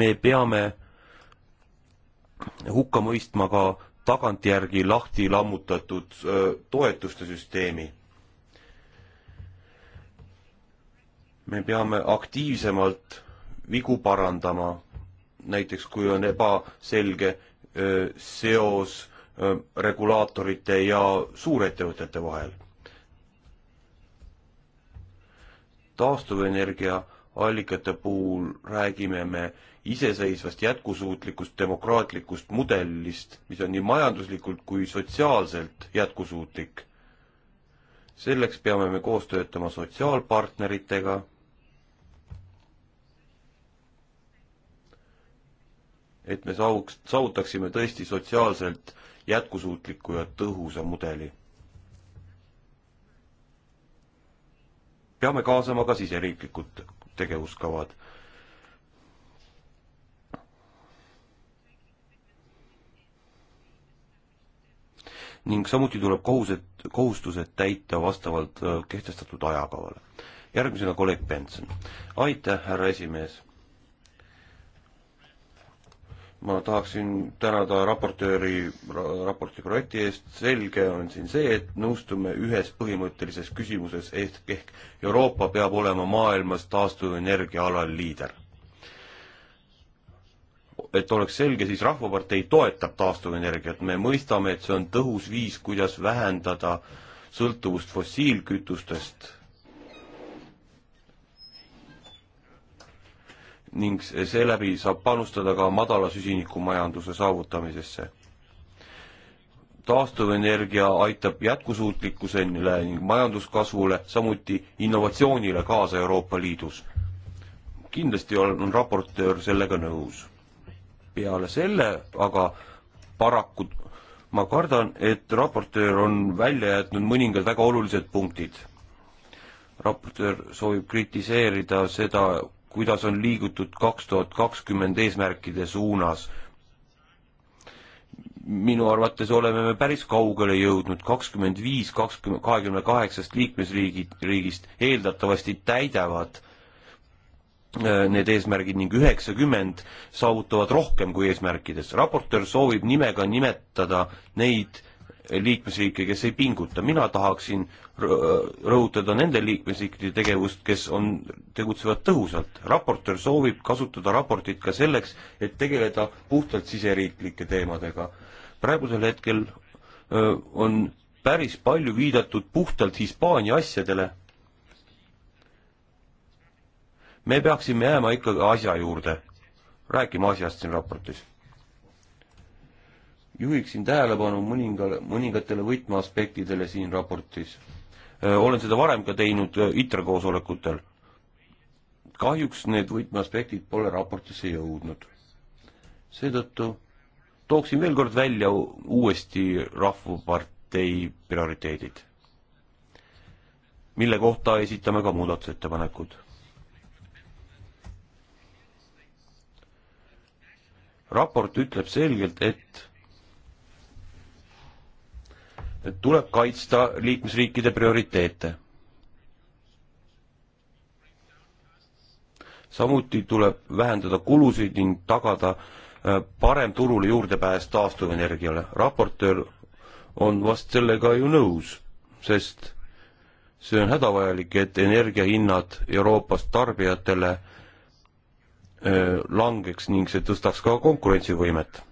me peame hukka mõistma ka tagantjärgi lahti lammutatud toetuste süsteemi. me peame aktiivsemalt vigu parandama, näiteks kui on ebaselge seos regulaatorite ja suurettevõtete vahel taastuvenergia allikate puhul räägime me iseseisvast jätkusuutlikust demokraatlikust mudelist, mis on nii majanduslikult kui sotsiaalselt jätkusuutlik. selleks peame me koos töötama sotsiaalpartneritega, et me saavuks, saavutaksime tõesti sotsiaalselt jätkusuutliku ja tõhusa mudeli peame kaasama ka siseriiklikud tegevuskavad. ning samuti tuleb kohused, kohustused täita vastavalt äh, kehtestatud ajakavale. järgmisena kolleeg Benson. aitäh, härra esimees ma tahaksin tänada raportööri ra raporti projekti eest, selge on siin see, et nõustume ühes põhimõttelises küsimuses, ehk, ehk Euroopa peab olema maailmas taastuvenergia alal liider. et oleks selge, siis Rahvapartei toetab taastuvenergiat, me mõistame, et see on tõhus viis, kuidas vähendada sõltuvust fossiilkütustest ning seeläbi saab panustada ka madala süsinikumajanduse saavutamisesse. taastuvenergia aitab jätkusuutlikkusele ning majanduskasvule, samuti innovatsioonile kaasa Euroopa Liidus. kindlasti on, on raportöör sellega nõus. peale selle aga paraku ma kardan, et raportöör on välja jätnud mõningad väga olulised punktid. raportöör soovib kritiseerida seda kuidas on liigutud kaks tuhat kakskümmend eesmärkide suunas. minu arvates oleme me päris kaugele jõudnud, kakskümmend viis, kakskümmend, kahekümne kaheksast liikmesriigid, riigist eeldatavasti täidavad äh, need eesmärgid ning üheksakümmend saavutavad rohkem kui eesmärkides. raportöör soovib nimega nimetada neid liikmesriike, kes ei pinguta, mina tahaksin rõhutada nende liikmesriikide tegevust, kes on, tegutsevad tõhusalt. raportöör soovib kasutada raportit ka selleks, et tegeleda puhtalt siseriiklike teemadega. praegusel hetkel öö, on päris palju viidatud puhtalt Hispaania asjadele. me peaksime jääma ikkagi asja juurde, rääkima asjast siin raportis juhiksin tähelepanu mõningale, mõningatele võtmeaspektidele siin raportis. olen seda varem ka teinud ITRE koosolekutel. kahjuks need võtmeaspektid pole raportisse jõudnud. seetõttu tooksin veel kord välja uuesti Rahvapartei prioriteedid, mille kohta esitame ka muudatusettepanekud raport ütleb selgelt, et tuleb kaitsta liikmesriikide prioriteete. samuti tuleb vähendada kulusid ning tagada äh, parem turule juurdepääs taastuvenergiale. raportöör on vast sellega ju nõus, sest see on hädavajalik, et energiahinnad Euroopas tarbijatele äh, langeks ning see tõstaks ka konkurentsivõimet.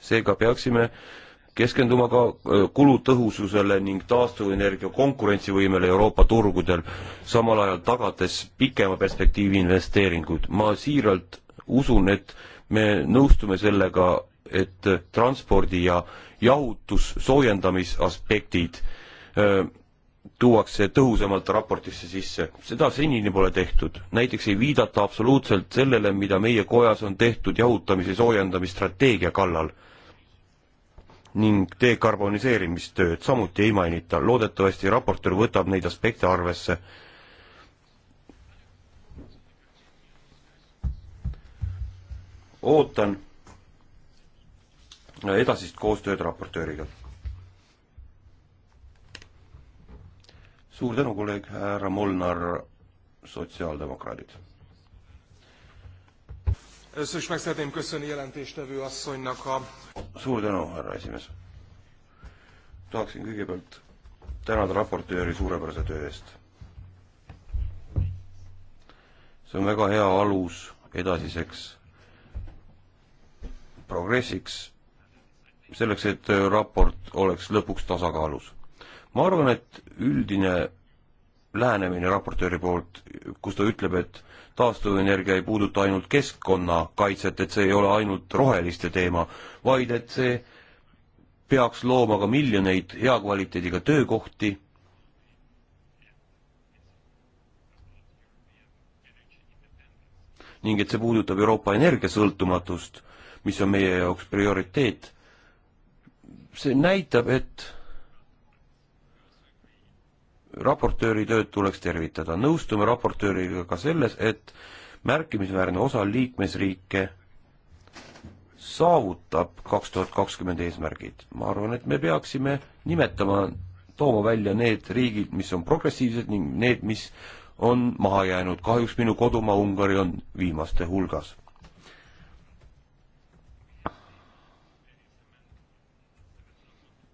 seega peaksime keskenduma ka kulutõhususele ning taastuvenergia konkurentsivõimele Euroopa turgudel, samal ajal tagades pikema perspektiivi investeeringuid. ma siiralt usun, et me nõustume sellega, et transpordi ja jahutus, soojendamisaspektid tuuakse tõhusamalt raportisse sisse. seda senini pole tehtud. näiteks ei viidata absoluutselt sellele, mida meie kojas on tehtud jahutamise soojendamise strateegia kallal ning dekarboniseerimistööd samuti ei mainita. loodetavasti raportöör võtab neid aspekte arvesse. ootan edasist koostööd raportööriga. suur tänu, kolleeg härra Molnar, sotsiaaldemokraadid Először is meg szeretném köszönni jelentéstevő asszonynak a... Suur tänu, härra esimees. Tahaksin kõigepealt tänada raportööri suurepärase töö eest. see on väga hea alus edasiseks progressiks, selleks, et raport oleks lõpuks tasakaalus. ma arvan, et üldine lähenemine raportööri poolt, kus ta ütleb, et taastuvenergia ei puuduta ainult keskkonnakaitset, et see ei ole ainult roheliste teema, vaid et see peaks looma ka miljoneid hea kvaliteediga töökohti. ning et see puudutab Euroopa energiasõltumatust, mis on meie jaoks prioriteet. see näitab, et raportööri tööd tuleks tervitada. nõustume raportööriga ka selles, et märkimisväärne osa liikmesriike saavutab kaks tuhat kakskümmend eesmärgid. ma arvan, et me peaksime nimetama, tooma välja need riigid, mis on progressiivsed ning need, mis on maha jäänud. kahjuks minu kodumaa Ungari on viimaste hulgas.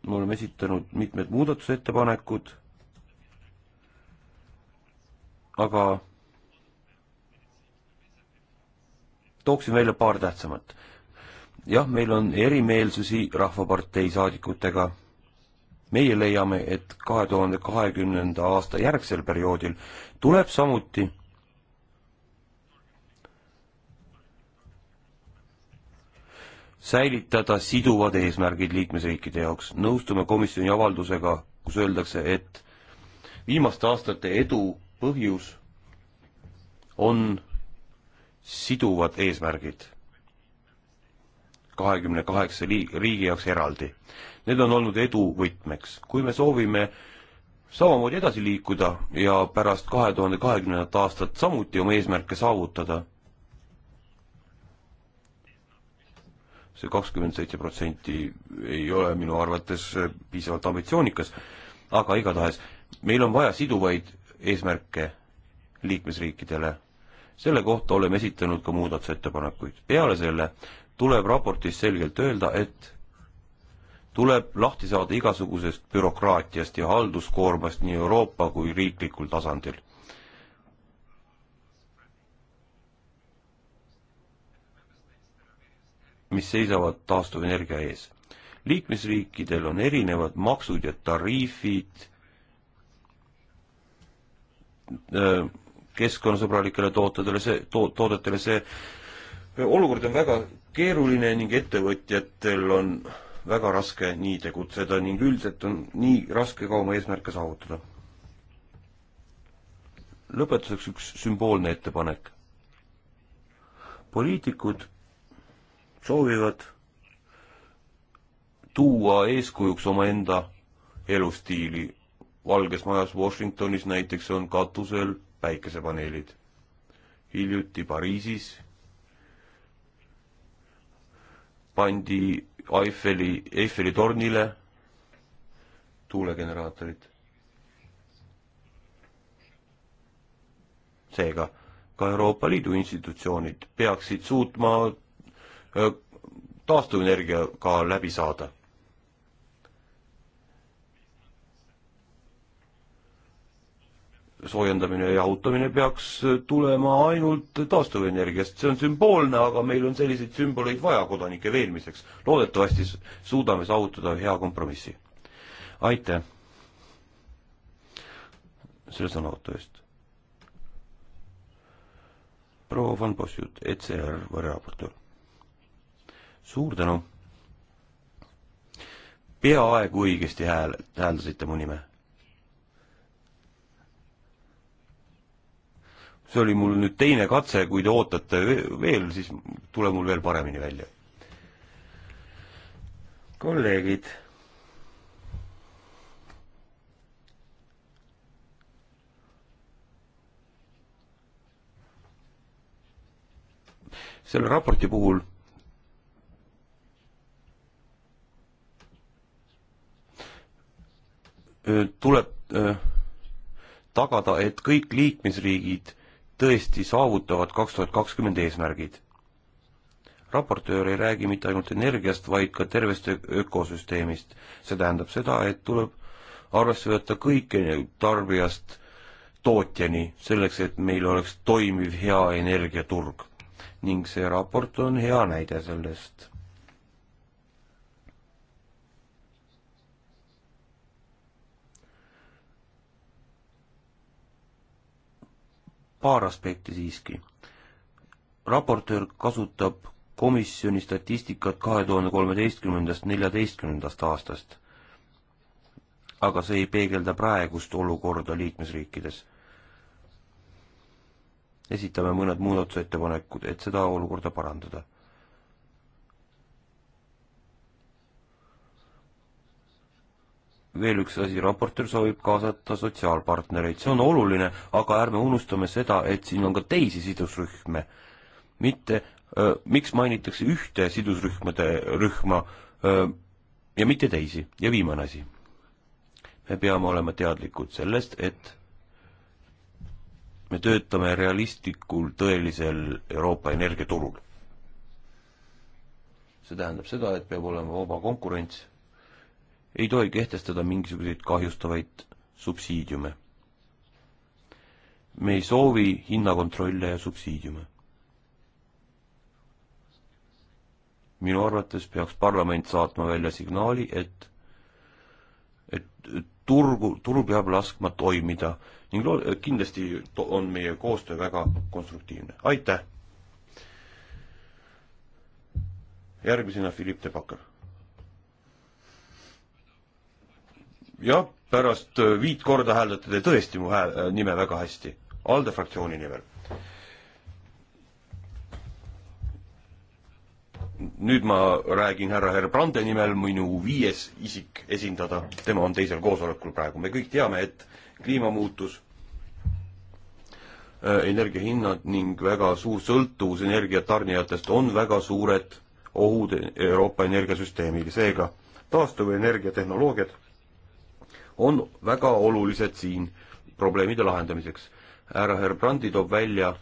me oleme esitanud mitmed muudatusettepanekud aga tooksin välja paar tähtsamat. jah, meil on erimeelsusi Rahvapartei saadikutega. meie leiame, et kahe tuhande kahekümnenda aasta järgsel perioodil tuleb samuti säilitada siduvad eesmärgid liikmesriikide jaoks. nõustume komisjoni avaldusega, kus öeldakse, et viimaste aastate edu põhjus on siduvad eesmärgid kahekümne kaheksa liig-, riigi jaoks eraldi. Need on olnud edu võtmeks. kui me soovime samamoodi edasi liikuda ja pärast kahe tuhande kahekümnendat aastat samuti oma eesmärke saavutada, see kakskümmend seitse protsenti ei ole minu arvates piisavalt ambitsioonikas, aga igatahes meil on vaja siduvaid eesmärke liikmesriikidele. selle kohta oleme esitanud ka muudatusettepanekuid. peale selle tuleb raportis selgelt öelda, et tuleb lahti saada igasugusest bürokraatiast ja halduskoormast nii Euroopa kui riiklikul tasandil. mis seisavad taastuvenergia ees. liikmesriikidel on erinevad maksud ja tariifid Äh, keskkonnasõbralikele tootedele, see, to-, toodetele, see olukord on väga keeruline ning ettevõtjatel on väga raske nii tegutseda ning üldiselt on nii raske ka oma eesmärke saavutada. lõpetuseks üks sümboolne ettepanek. poliitikud soovivad tuua eeskujuks omaenda elustiili valges majas Washingtonis näiteks on katusel päikesepaneelid. hiljuti Pariisis pandi Eiffeli, Eiffeli tornile tuulegeneraatorid. seega ka Euroopa Liidu institutsioonid peaksid suutma äh, taastuvenergiaga läbi saada soojendamine ja jahutamine peaks tulema ainult taastuvenergiast, see on sümboolne, aga meil on selliseid sümboleid vaja kodanike veenmiseks. loodetavasti suudame saavutada hea kompromissi. aitäh selle sõnavõtu eest. proua Van Bossjut, ECR vareraportöör. suur tänu. peaaegu õigesti hääl, hääldasite mu nime see oli mul nüüd teine katse, kui te ootate veel, siis tuleb mul veel paremini välja. kolleegid. selle raporti puhul tuleb äh, tagada, et kõik liikmesriigid tõesti saavutavad kaks tuhat kakskümmend eesmärgid. raportöör ei räägi mitte ainult energiast, vaid ka tervest ökosüsteemist. see tähendab seda, et tuleb arvesse võtta kõike tarbijast tootjani, selleks et meil oleks toimiv hea energiaturg. ning see raport on hea näide sellest paar aspekti siiski. raportöör kasutab komisjoni statistikat kahe tuhande kolmeteistkümnendast, neljateistkümnendast aastast. aga see ei peegelda praegust olukorda liikmesriikides. esitame mõned muudatusettepanekud, et seda olukorda parandada veel üks asi, raportöör soovib kaasata sotsiaalpartnereid, see on oluline, aga ärme unustame seda, et siin on ka teisi sidusrühme. mitte, miks mainitakse ühte sidusrühmade rühma öö, ja mitte teisi. ja viimane asi. me peame olema teadlikud sellest, et me töötame realistlikul tõelisel Euroopa energiaturul. see tähendab seda, et peab olema vaba konkurents ei tohi kehtestada mingisuguseid kahjustavaid subsiidiume. me ei soovi hinnakontrolle ja subsiidiume. minu arvates peaks parlament saatma välja signaali, et, et turgu, turu peab laskma toimida ning lo-, kindlasti to-, on meie koostöö väga konstruktiivne. aitäh! järgmisena Philippe de Backer jah, pärast äh, viit korda hääldate te tõesti mu hääl, äh, nime väga hästi. ALDE fraktsiooni nimel. nüüd ma räägin härra Herbrande nimel, minu viies isik esindada, tema on teisel koosolekul praegu, me kõik teame, et kliimamuutus äh, energiahinnad ning väga suur sõltuvus energiatarnijatest on väga suured ohud Euroopa energiasüsteemile, seega taastuvenergiatehnoloogiad on väga olulised siin probleemide lahendamiseks. härra Herbrandi toob välja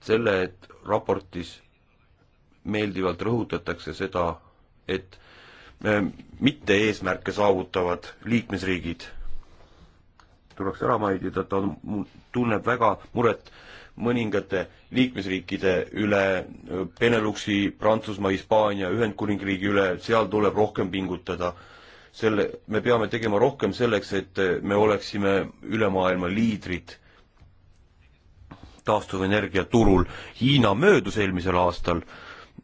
selle, et raportis meeldivalt rõhutatakse seda, et äh, mitte eesmärke saavutavad liikmesriigid tuleks ära mainida, ta on, tunneb väga muret mõningate liikmesriikide üle, Beneluxi, Prantsusmaa, Hispaania, Ühendkuningriigi üle, seal tuleb rohkem pingutada selle, me peame tegema rohkem selleks, et me oleksime üle maailma liidrid taastuvenergia turul. Hiina möödus eelmisel aastal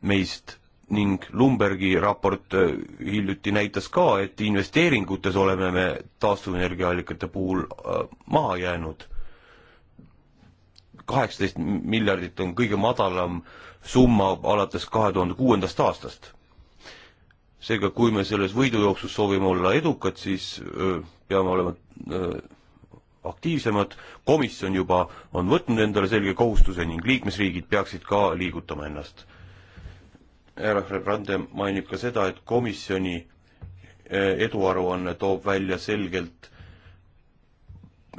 meist ning Lumbergi raport äh, hiljuti näitas ka, et investeeringutes oleme me taastuvenergiaallikate puhul äh, maha jäänud. kaheksateist miljardit on kõige madalam summa alates kahe tuhande kuuendast aastast seega, kui me selles võidujooksus soovime olla edukad, siis öö, peame olema öö, aktiivsemad, komisjon juba on võtnud endale selge kohustuse ning liikmesriigid peaksid ka liigutama ennast. härra Frande mainib ka seda, et komisjoni eduaruanne toob välja selgelt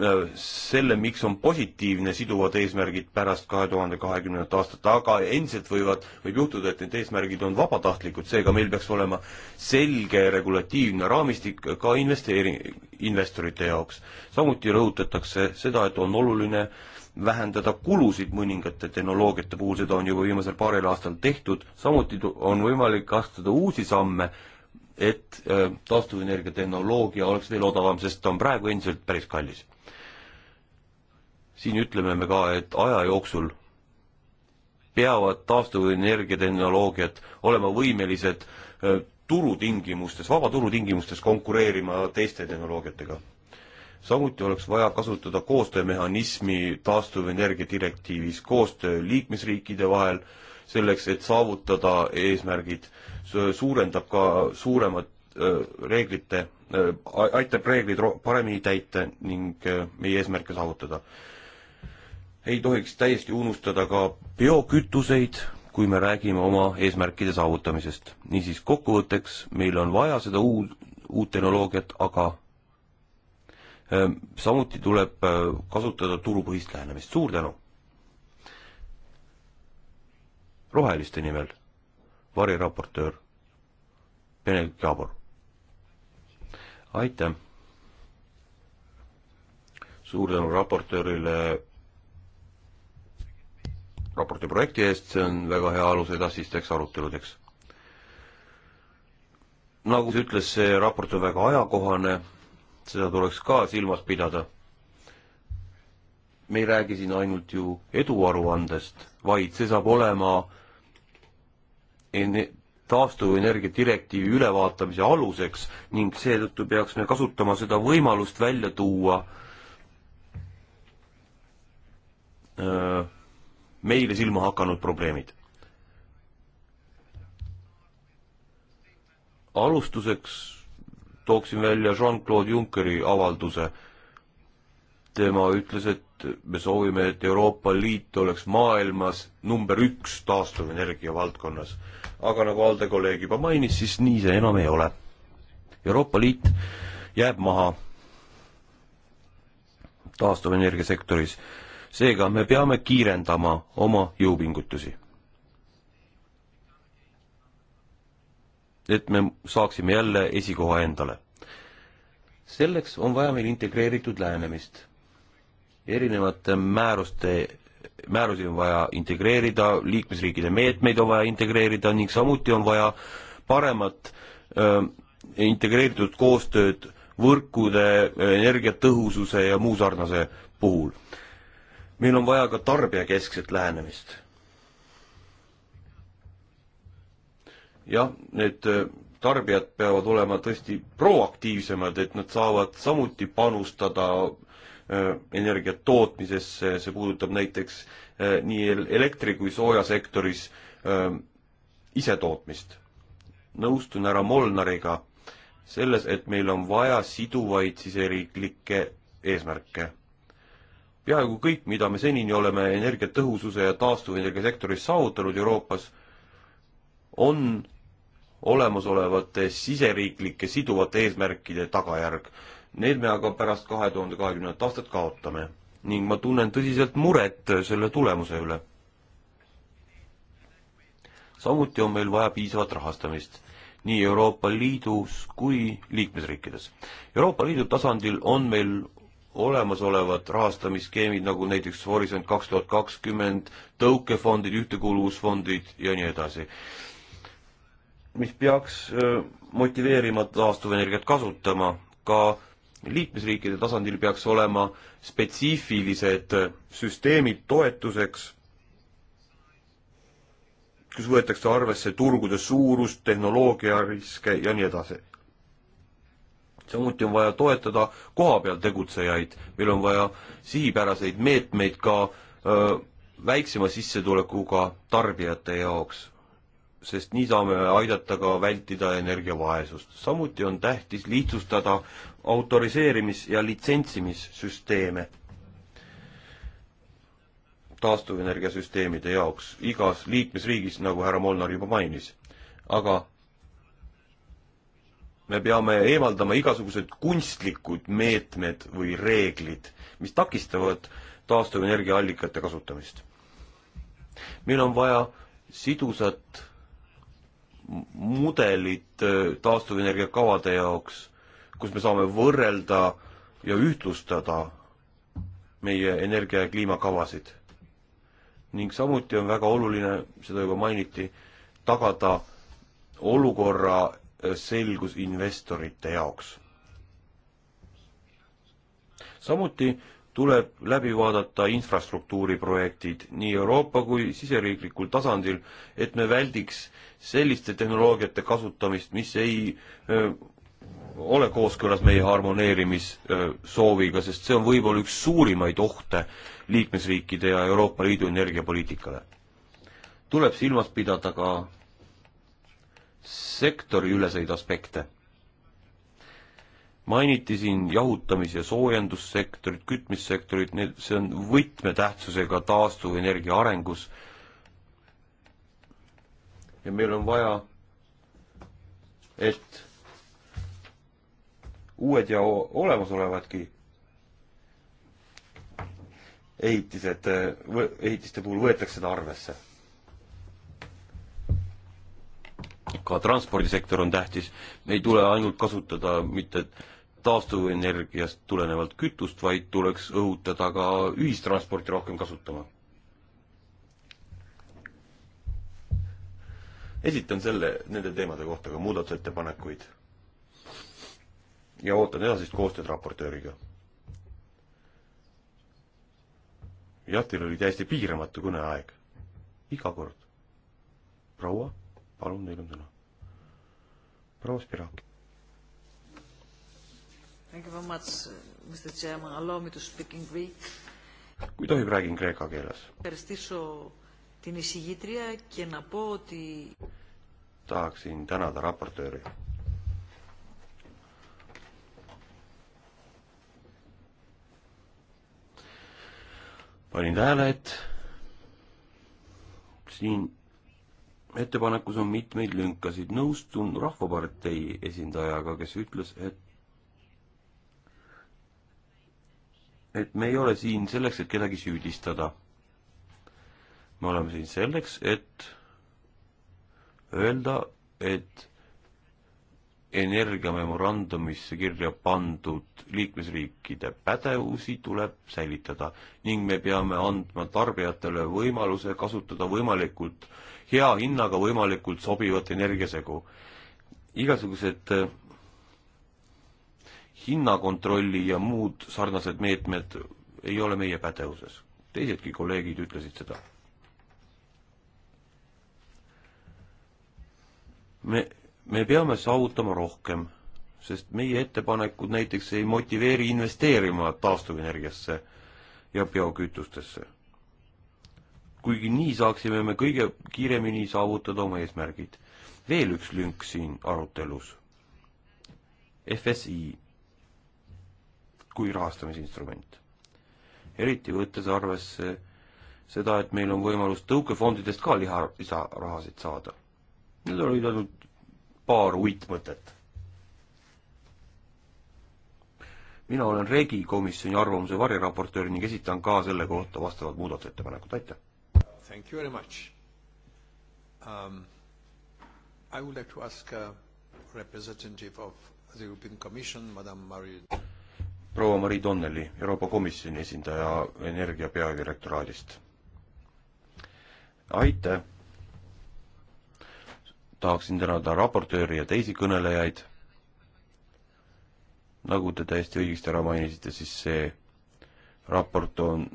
Äh, selle, miks on positiivne siduvad eesmärgid pärast kahe tuhande kahekümnendat aastat, aga endiselt võivad, võib juhtuda, et need eesmärgid on vabatahtlikud, seega meil peaks olema selge regulatiivne raamistik ka investeeri-, investorite jaoks. samuti rõhutatakse seda, et on oluline vähendada kulusid mõningate tehnoloogiate puhul, seda on juba viimasel paaril aastal tehtud, samuti on võimalik astuda uusi samme, et äh, taastuvenergia tehnoloogia oleks veel odavam, sest ta on praegu endiselt päris kallis siin ütleme me ka, et aja jooksul peavad taastuvenergia tehnoloogiad olema võimelised äh, turutingimustes, vaba turutingimustes konkureerima teiste tehnoloogiatega. samuti oleks vaja kasutada koostöömehhanismi taastuvenergia direktiivis, koostöö liikmesriikide vahel, selleks, et saavutada eesmärgid, suurendab ka suuremat äh, reeglite, äh, aitab reeglid paremini täita ning meie eesmärke saavutada ei tohiks täiesti unustada ka biokütuseid, kui me räägime oma eesmärkide saavutamisest. niisiis kokkuvõtteks, meil on vaja seda uut, uut tehnoloogiat, aga ähm, samuti tuleb äh, kasutada turupõhist lähenemist. suur tänu! roheliste nimel variraportöör Benedikt Jaabor. aitäh! suur tänu raportöörile raporti projekti eest, see on väga hea alus edasisteks aruteludeks. nagu ta ütles, see raport on väga ajakohane, seda tuleks ka silmas pidada. me ei räägi siin ainult ju eduaruandest, vaid see saab olema enne taastuvenergia direktiivi ülevaatamise aluseks ning seetõttu peaks me kasutama seda võimalust välja tuua öö, äh, meile silma hakanud probleemid. alustuseks tooksin välja Jean-Claude Junckeri avalduse. tema ütles, et me soovime, et Euroopa Liit oleks maailmas number üks taastuvenergia valdkonnas. aga nagu Alde kolleeg juba mainis, siis nii see enam ei ole. Euroopa Liit jääb maha taastuvenergia sektoris seega me peame kiirendama oma jõupingutusi. et me saaksime jälle esikoha endale. selleks on vaja meil integreeritud lähenemist. erinevate määruste, määrusi on vaja integreerida, liikmesriikide meetmeid on vaja integreerida ning samuti on vaja paremat öö, integreeritud koostööd võrkude, energiatõhususe ja muu sarnase puhul meil on vaja ka tarbijakeskset lähenemist. jah, need äh, tarbijad peavad olema tõesti proaktiivsemad, et nad saavad samuti panustada äh, energiat tootmisesse, see puudutab näiteks äh, nii elektri kui soojasektoris isetootmist. nõustun härra Molnariga selles, et meil on vaja siduvaid siseriiklikke eesmärke peaaegu kõik, mida me senini oleme energiatõhususe ja taastuvenergia sektoris saavutanud Euroopas, on olemasolevate siseriiklike siduvate eesmärkide tagajärg. Need me aga pärast kahe tuhande kahekümnendat aastat kaotame ning ma tunnen tõsiselt muret selle tulemuse üle. samuti on meil vaja piisavat rahastamist nii Euroopa Liidus kui liikmesriikides. Euroopa Liidu tasandil on meil olemasolevad rahastamisskeemid, nagu näiteks Horisont kaks tuhat kakskümmend, tõukefondid, ühtekuuluvusfondid ja nii edasi, mis peaks motiveerima taastuvenergiat kasutama, ka liikmesriikide tasandil peaks olema spetsiifilised süsteemid toetuseks, kus võetakse arvesse turgude suurust, tehnoloogia riske ja nii edasi samuti on vaja toetada kohapeal tegutsejaid, meil on vaja sihipäraseid meetmeid ka öö, väiksema sissetulekuga tarbijate jaoks, sest nii saame aidata ka vältida energiavaesust. samuti on tähtis lihtsustada autoriseerimis- ja litsentsimissüsteeme taastuvenergiasüsteemide jaoks igas liikmesriigis, nagu härra Molnar juba mainis. aga me peame eemaldama igasugused kunstlikud meetmed või reeglid, mis takistavad taastuvenergia allikate kasutamist. meil on vaja sidusat mudelit taastuvenergia kavade jaoks, kus me saame võrrelda ja ühtlustada meie energia- ja kliimakavasid. ning samuti on väga oluline, seda juba mainiti, tagada olukorra selgus investorite jaoks. samuti tuleb läbi vaadata infrastruktuuriprojektid nii Euroopa kui siseriiklikul tasandil, et me väldiks selliste tehnoloogiate kasutamist, mis ei öö, ole kooskõlas meie harmoneerimissooviga, sest see on võib-olla üks suurimaid ohte liikmesriikide ja Euroopa Liidu energiapoliitikale. tuleb silmas pidada ka sektoriüleseid aspekte. mainiti siin jahutamis- ja soojendussektorit, kütmissektorit, need, see on võtmetähtsusega taastuvenergia arengus. ja meil on vaja, et uued ja olemasolevadki ehitised, ehitiste puhul võetakse seda arvesse ka transpordisektor on tähtis, ei tule ainult kasutada mitte taastuvenergiast tulenevalt kütust, vaid tuleks õhutada ka ühistransporti rohkem kasutama. esitan selle, nende teemade kohta ka muudatusettepanekuid. ja ootan edasist koostööd raportööriga. jah, teil oli täiesti piiramatu kõneaeg. iga kord. proua palun, teil on sõna. proua Spiraki. Thank you very much, Mr Chairman, allow me to speak in greek. kui tohib, räägin kreeka keeles. tahaksin tänada raportööri. panin tähele, et siin ettepanekus on mitmeid lünkasid. nõustun Rahvapartei esindajaga, kes ütles, et et me ei ole siin selleks, et kedagi süüdistada. me oleme siin selleks, et öelda, et energiamemorandumisse kirja pandud liikmesriikide pädevusi tuleb säilitada ning me peame andma tarbijatele võimaluse kasutada võimalikult hea hinnaga võimalikult sobivat energiasegu. igasugused äh, hinnakontrolli ja muud sarnased meetmed ei ole meie pädevuses. teisedki kolleegid ütlesid seda. me me peame saavutama rohkem, sest meie ettepanekud näiteks ei motiveeri investeerima taastuvenergiasse ja biokütustesse. kuigi nii saaksime me kõige kiiremini saavutada oma eesmärgid. veel üks lünk siin arutelus. FSI kui rahastamisinstrument. eriti võttes arvesse seda, et meil on võimalus tõukefondidest ka liha, lisarahasid saada. Need olid ainult paar uitmõtet. mina olen Regi komisjoni arvamuse variraportöör ning esitan ka selle kohta vastavad muudatusettepanekud, aitäh! Thank you very much um,. I would like to ask a uh, representative of the European Commission, madam Mari proua Mari Donnelli, Euroopa Komisjoni esindaja Energia peadirektoraadist. aitäh! tahaksin tänada raportööri ja teisi kõnelejaid. nagu te täiesti õigesti ära mainisite, siis see raport on,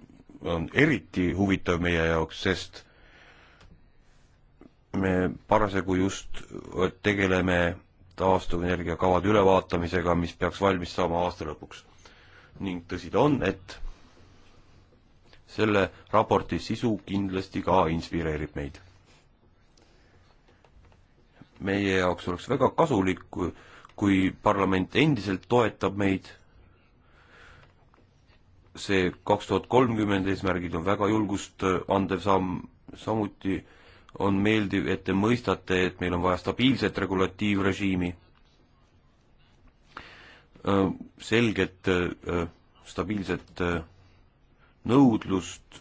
on eriti huvitav meie jaoks, sest me parasjagu just tegeleme taastuvenergia kavade ülevaatamisega, mis peaks valmis saama aasta lõpuks. ning tõsi ta on, et selle raporti sisu kindlasti ka inspireerib meid meie jaoks oleks väga kasulik, kui parlament endiselt toetab meid, see kaks tuhat kolmkümmend eesmärgid on väga julgust äh, andev samm, samuti on meeldiv, et te mõistate, et meil on vaja stabiilset regulatiivrežiimi, äh, selget äh, stabiilset nõudlust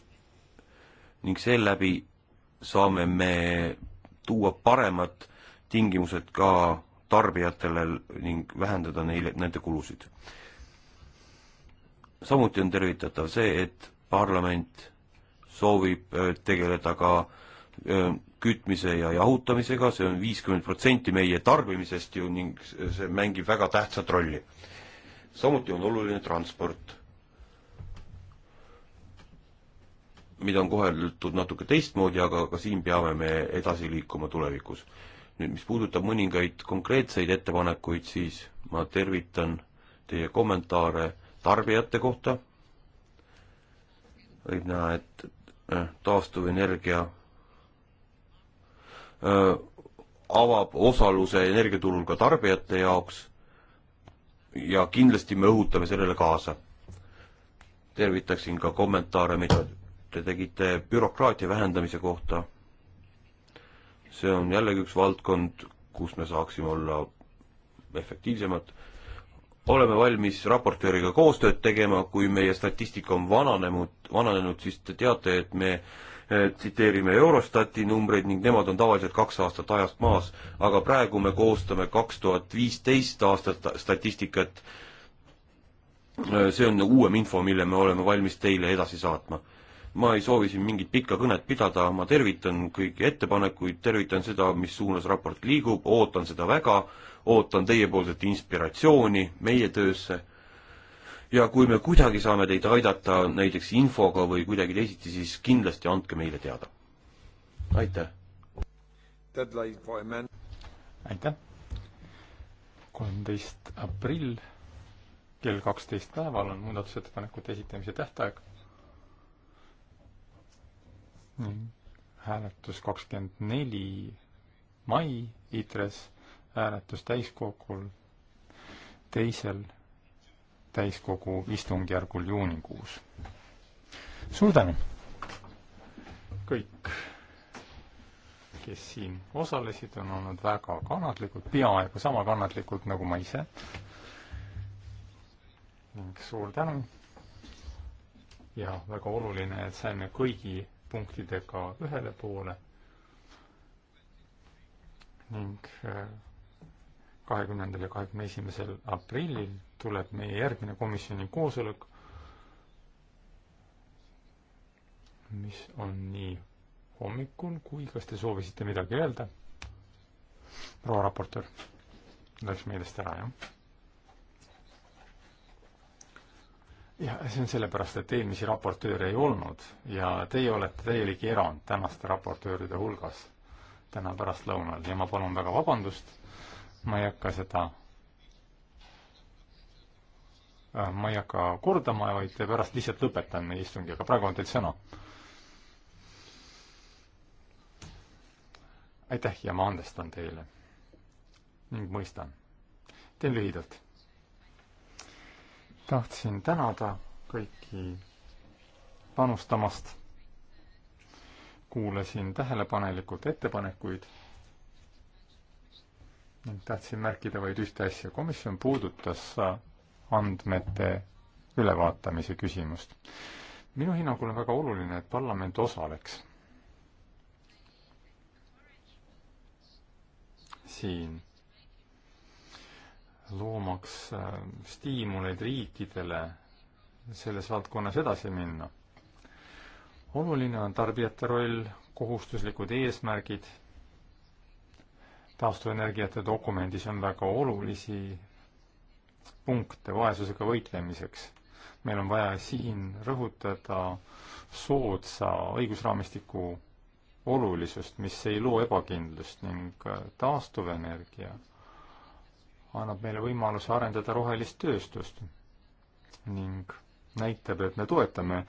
ning seeläbi saame me tuua paremat tingimused ka tarbijatele ning vähendada neile, nende kulusid. samuti on tervitatav see, et parlament soovib äh, tegeleda ka äh, kütmise ja jahutamisega, see on viiskümmend protsenti meie tarbimisest ju ning see mängib väga tähtsat rolli. samuti on oluline transport, mida on koheldud natuke teistmoodi, aga ka siin peame me edasi liikuma tulevikus nüüd, mis puudutab mõningaid konkreetseid ettepanekuid, siis ma tervitan teie kommentaare tarbijate kohta. võib näha, et äh, taastuvenergia äh, avab osaluse energiaturul ka tarbijate jaoks ja kindlasti me õhutame sellele kaasa. tervitaksin ka kommentaare, mida te tegite bürokraatia vähendamise kohta see on jällegi üks valdkond, kus me saaksime olla efektiivsemad. oleme valmis raportööriga koostööd tegema, kui meie statistika on vananenud, vananenud, siis te teate, et me eh, tsiteerime Eurostati numbreid ning nemad on tavaliselt kaks aastat ajast maas, aga praegu me koostame kaks tuhat viisteist aastat statistikat. Eh, see on uuem info, mille me oleme valmis teile edasi saatma ma ei soovi siin mingit pikka kõnet pidada, ma tervitan kõiki ettepanekuid, tervitan seda, mis suunas raport liigub, ootan seda väga, ootan teiepoolset inspiratsiooni meie töösse ja kui me kuidagi saame teid aidata näiteks infoga või kuidagi teisiti, siis kindlasti andke meile teada. aitäh! aitäh! kolmteist aprill kell kaksteist päeval on muudatusettepanekute esitamise tähtaeg Mm. hääletus kakskümmend neli mai ITRES, hääletus täiskogul teisel täiskogu istungjärgul juunikuus. suur tänu! kõik, kes siin osalesid, on olnud väga kannatlikud, peaaegu sama kannatlikud nagu ma ise. ning suur tänu! ja väga oluline, et saime kõigi punktidega ühele poole ning äh, kahekümnendal ja kahekümne esimesel aprillil tuleb meie järgmine komisjoni koosolek, mis on nii hommikul kui kas te soovisite midagi öelda? proua raportöör, läks meelest ära, jah? jah, see on sellepärast, et eelmisi raportööre ei olnud ja teie olete täielik erand tänaste raportööride hulgas täna pärastlõunal ja ma palun väga vabandust, ma ei hakka seda äh, ma ei hakka kordama, vaid pärast lihtsalt lõpetan meie istungi, aga praegu on teil sõna. aitäh ja ma andestan teile ning mõistan. teen lühidalt tahtsin tänada kõiki panustamast. kuulasin tähelepanelikult ettepanekuid ning tahtsin märkida vaid ühte asja. komisjon puudutas andmete ülevaatamise küsimust. minu hinnangul on väga oluline, et parlament osaleks siin loomaks äh, stiimuleid riikidele selles valdkonnas edasi minna. oluline on tarbijate roll, kohustuslikud eesmärgid, taastuvenergiate dokumendis on väga olulisi punkte vaesusega võitlemiseks. meil on vaja siin rõhutada soodsa õigusraamistiku olulisust, mis ei loo ebakindlust ning taastuvenergia annab meile võimaluse arendada rohelist tööstust ning näitab, et me toetame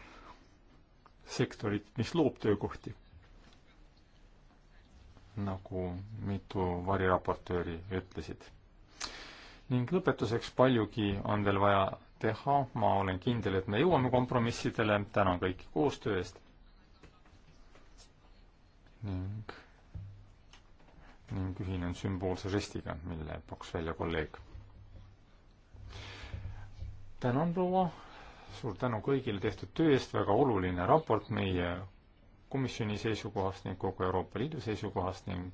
sektorit, mis loob töökohti. nagu mitu variraportööri ütlesid. ning lõpetuseks, paljugi on veel vaja teha, ma olen kindel, et me jõuame kompromissidele, tänan kõiki koostöö eest ning ning ühinen sümboolse žestiga, mille pakkus välja kolleeg. tänan, proua, suur tänu kõigile tehtud töö eest, väga oluline raport meie komisjoni seisukohast ning kogu Euroopa Liidu seisukohast ning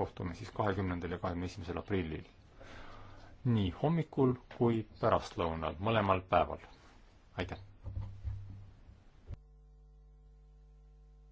kohtume siis kahekümnendal ja kahekümne esimesel aprillil. nii hommikul kui pärastlõunal, mõlemal päeval. aitäh!